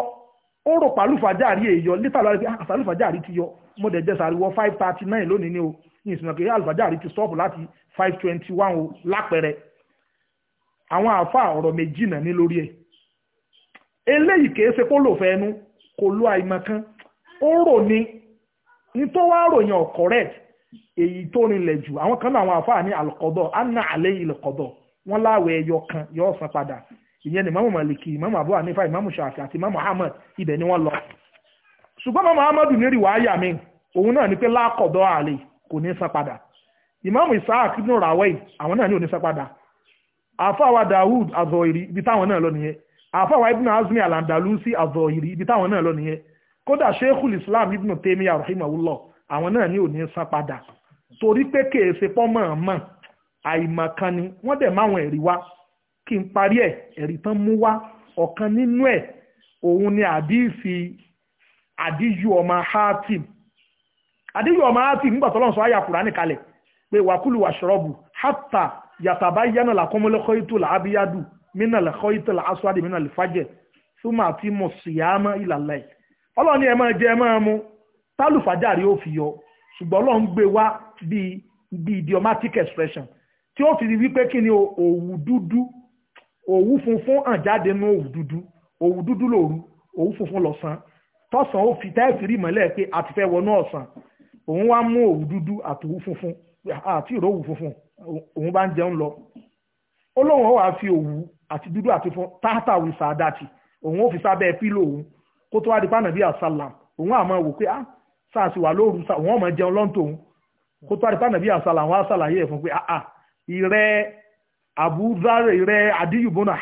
A: ó rò pàlúfàjáàrí èyọ lítà lọ́rẹ́ pé àṣàlùfàjáàrí ti yọ mo dẹ̀ jẹ́ sàríwọ́ five thirty nine lónìí ni o ní ìsìnkú àlùfàjáàrí ti stọ́ọ̀pù láti five twenty one o lápẹẹrẹ àwọn afọ ọ̀rọ̀ méjì náà ní lórí ẹ̀ eléyìí kìí ṣe kó lò ẹnu kò lo àìmọ̀ kan ó rò ní ní tó wá ròyìn ọ̀kọ̀rẹ́ èyí tó rinlẹ̀ jù àwọn kan náà àwọn ní àlùkọ́dọ̀ anna alẹ́ ìlùkọ́dọ̀ wọn láwẹ̀ ẹyọ kan san padà ìyẹn ni mamu maliki mamu abu shafi àti mamu ahmed ibẹ̀ ni wọ́n lọ ṣùgbọ́n mamu ahmed ní òun náà pé lákọ̀dọ̀ àlè kò ní san padà isaac àwọn náà ní ò ní san padà àfáwà Dawud azọ̀ìrì ibi táwọn náà lọ nìyẹn àfáwà ibn azmi alandalusi azọ̀ìrì ibi táwọn náà lọ nìyẹn kódà sheikhul islam ibn taymiya rahimahullah àwọn náà ní òní san padà torí pé kèèṣe ni wọ́n dẹ̀ máwọn ẹ̀rí wá kí n parí ẹ̀ ẹ̀rí tán mú wá ọ̀kan nínú ẹ̀ òun ni ọmọ ọmọ nígbà pé wàkúlù wàṣọ́rọ́bù yàtàbá yánà làkọ́mọ́lẹ́kọ́ ètò làábíyádù mínà lẹ́kọ́ ètò làásùwádìí mínà lẹ́fàjẹ́ súnmọ́ àti mọ̀ síyámọ́ ìlàlẹ́ ọlọ́run ni ẹ máa jẹ ẹ máa mu tálùfájàrí ó fi yọ ṣùgbọ́n ọlọ́run gbé wá bíi bíi idiomatic expression tí ó fi rí wípé kí ni òwú dúdú òwú funfun hàn jáde nú òwú dúdú òwú dúdú lòru òwú funfun lọ́sàn tọ́sàn ó fi táìsì rí mọ́lẹ̀ pé àti fẹ́ wọnú ọ̀sán òun wá mú òwú dúdú àtòwú funfun àti ìró òwú funfun òun bá ń jẹun lọ ó lóun ó wàá fi òwú àti dúdú àti fún táàtà wù sàdáàtì òun ó fi sábẹ́ pílò òun kó tó wá di pàànà bíi àsálàm òun àmọ́ wò pé ah sáà sì wà lóru òun ọmọ jẹun lọ́ntò òun kó tó wá di pàànà bíi àsálàm wá sàlàyé ẹ̀ fún pé ah ah ìrẹ́ àbúzárè ìrẹ́ àdíyùbọ́nà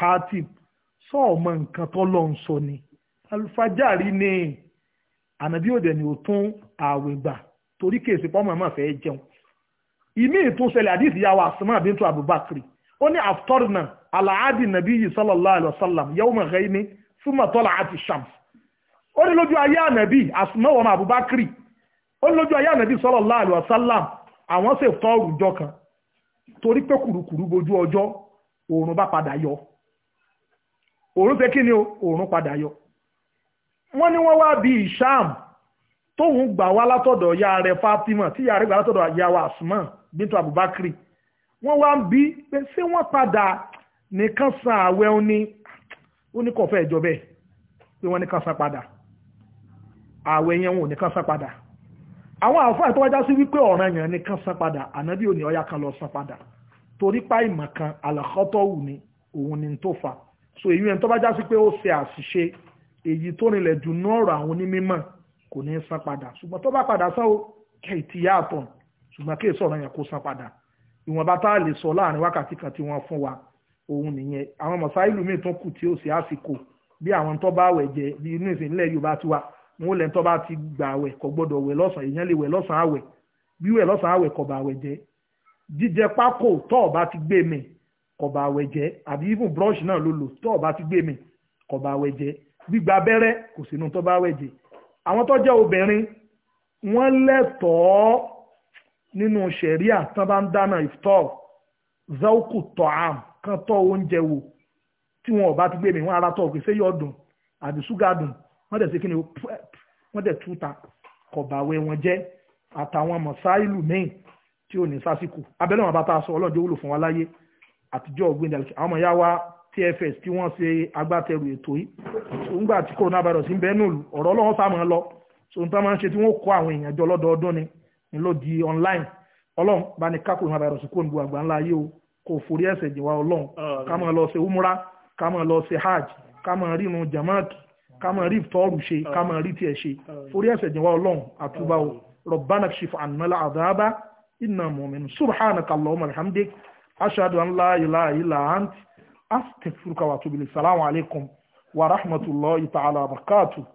A: sọ ọmọ nǹkan tó lọ ń ni alufajari ni ànàbí òde ni ò tún ààwẹ̀ gbà torí kèsì pọ́nmọ́ mọ́ fẹ́ jẹun ìmí ìtúnṣẹlẹ̀ àdìsí yà wà Asma bintu Abubakri ó ní aftorna alaadi nabi yìí sallallahu alayhi wa sallam yawma ghayni thumma tala'ati shams ó ní lójú ayé ànàbí Asma wọn Abubakri ó ní lójú ayé ànàbí sallallahu alayhi wa sallam àwọn sì tọ́ òrùjọ kan torí pé kùrùkùrù bojú ọjọ́ òòrùn bá padà yọ òòrùn pé kí ni òòrùn padà yọ wọ́n ní wọ́n wá bí ìṣáàmù tóun gbà wá látọ̀dọ̀ ya Fatima tí ya gbà látọ̀dọ̀ ya wa bíntu abubakar wọ́n wá ń bí pé ṣé wọ́n padà nìkan san àwẹ̀ òní oníkọ̀ọ́fẹ́ ìjọba ẹ̀ pé wọ́n nìkan san padà àwẹ̀ yẹn wọn ò nìkan san padà àwọn àfáà tó wájá sí wípé ọ̀ràn yẹn nìkan san padà ànábì òní ọ̀yà kan lọ san padà torí pa ìmọ̀ kan àlàkọ́tọ̀wù ni òun ni tó fà so èyí ẹni tó bá já sí pé ó ṣe àṣìṣe èyí tó rinlẹ̀ jù náà ọ̀rọ̀ àwọn onímọ̀ kò ní san padà ṣùgbọ́n tó bá padà sáwọ́ kẹ̀tìyàtọ̀ ṣùgbọ́n kí èso ọ̀rọ̀ yẹn kó san padà ìwọ̀nba tá a lè sọ láàrin wákàtí kan tí wọ́n fún wa òun nìyẹn àwọn mọ̀sáìlú míì tún kù tí ó sì àsìkò bí àwọn tó bá wẹ̀ jẹ bí inú ìsìnlẹ̀ Yorùbá tiwa wọn lẹ́ni tó bá ti gbà wẹ̀ kò gbọ́dọ̀ wẹ̀ lọ́sàn èèyàn lè wẹ̀ lọ́sàn àwẹ̀ bí wẹ̀ lọ́sàn àwẹ̀ kò wẹ̀ jẹ́ jíjẹ pákó tó o bá ti gbé mi kò wẹ̀ jẹ́ àbí even brush náà ló lò tó o bá ti gbé mi kò bá wẹ̀ jẹ́ gbígba abẹ́rẹ́ kò sínú tó bá wẹ̀ jẹ́ àwọn tó jẹ́ obìnrin wọ́n lẹ́tọ̀ọ́ nínú ṣẹ̀ríà tán bá ń dáná iftar zauku to'am kan tọ́ oúnjẹ wò tí wọn ò bá ti gbé mi wọn ara tọ́ òkè yóò dùn àbí ṣúgà dùn wọ́n dẹ̀ ṣe kí ni wọ́n dẹ̀ túta kọ̀bàwẹ́ wọn jẹ́ àtàwọn mọ̀sáìlù míì tí ò ní sásìkò abẹ́lẹ́ wọn bá ta sọ ọlọ́jọ́ wúlò fún wa láyé àtijọ́ ọ̀gbìn ìdàlùkì àwọn ọmọ ya wa TFS tí wọ́n ṣe agbátẹrù ètò yìí nígbà tí coronavirus ń bẹ́ẹ̀ nù ọ̀rọ̀ ọlọ́wọ́ sáà máa lọ so n máa ń ṣe tí wọ́n kó àwọn èèyàn jọ lọ́dọọdún ni ló di online ọlọ́run bá ní kákò ìhàn àbàrọ̀ sí kó nbu àgbà ńlá ayé o kò forí ẹ̀ṣẹ̀ jìn wá ọlọ́run ká máa lọ ṣe umra ká máa lọ ṣe hajj ká máa rírun jamaat ká máa rí tọ́ọ̀rù ṣe ká máa rí tiẹ̀ ṣe forí ẹ̀ṣẹ̀ jìn wá ọlọ́run àtúbà o rọ̀bánà ṣìfọ̀ ànàlá àdáàbá iná mọ̀mẹ́nu subhanaka wa atubu ta'ala wa barakatuh.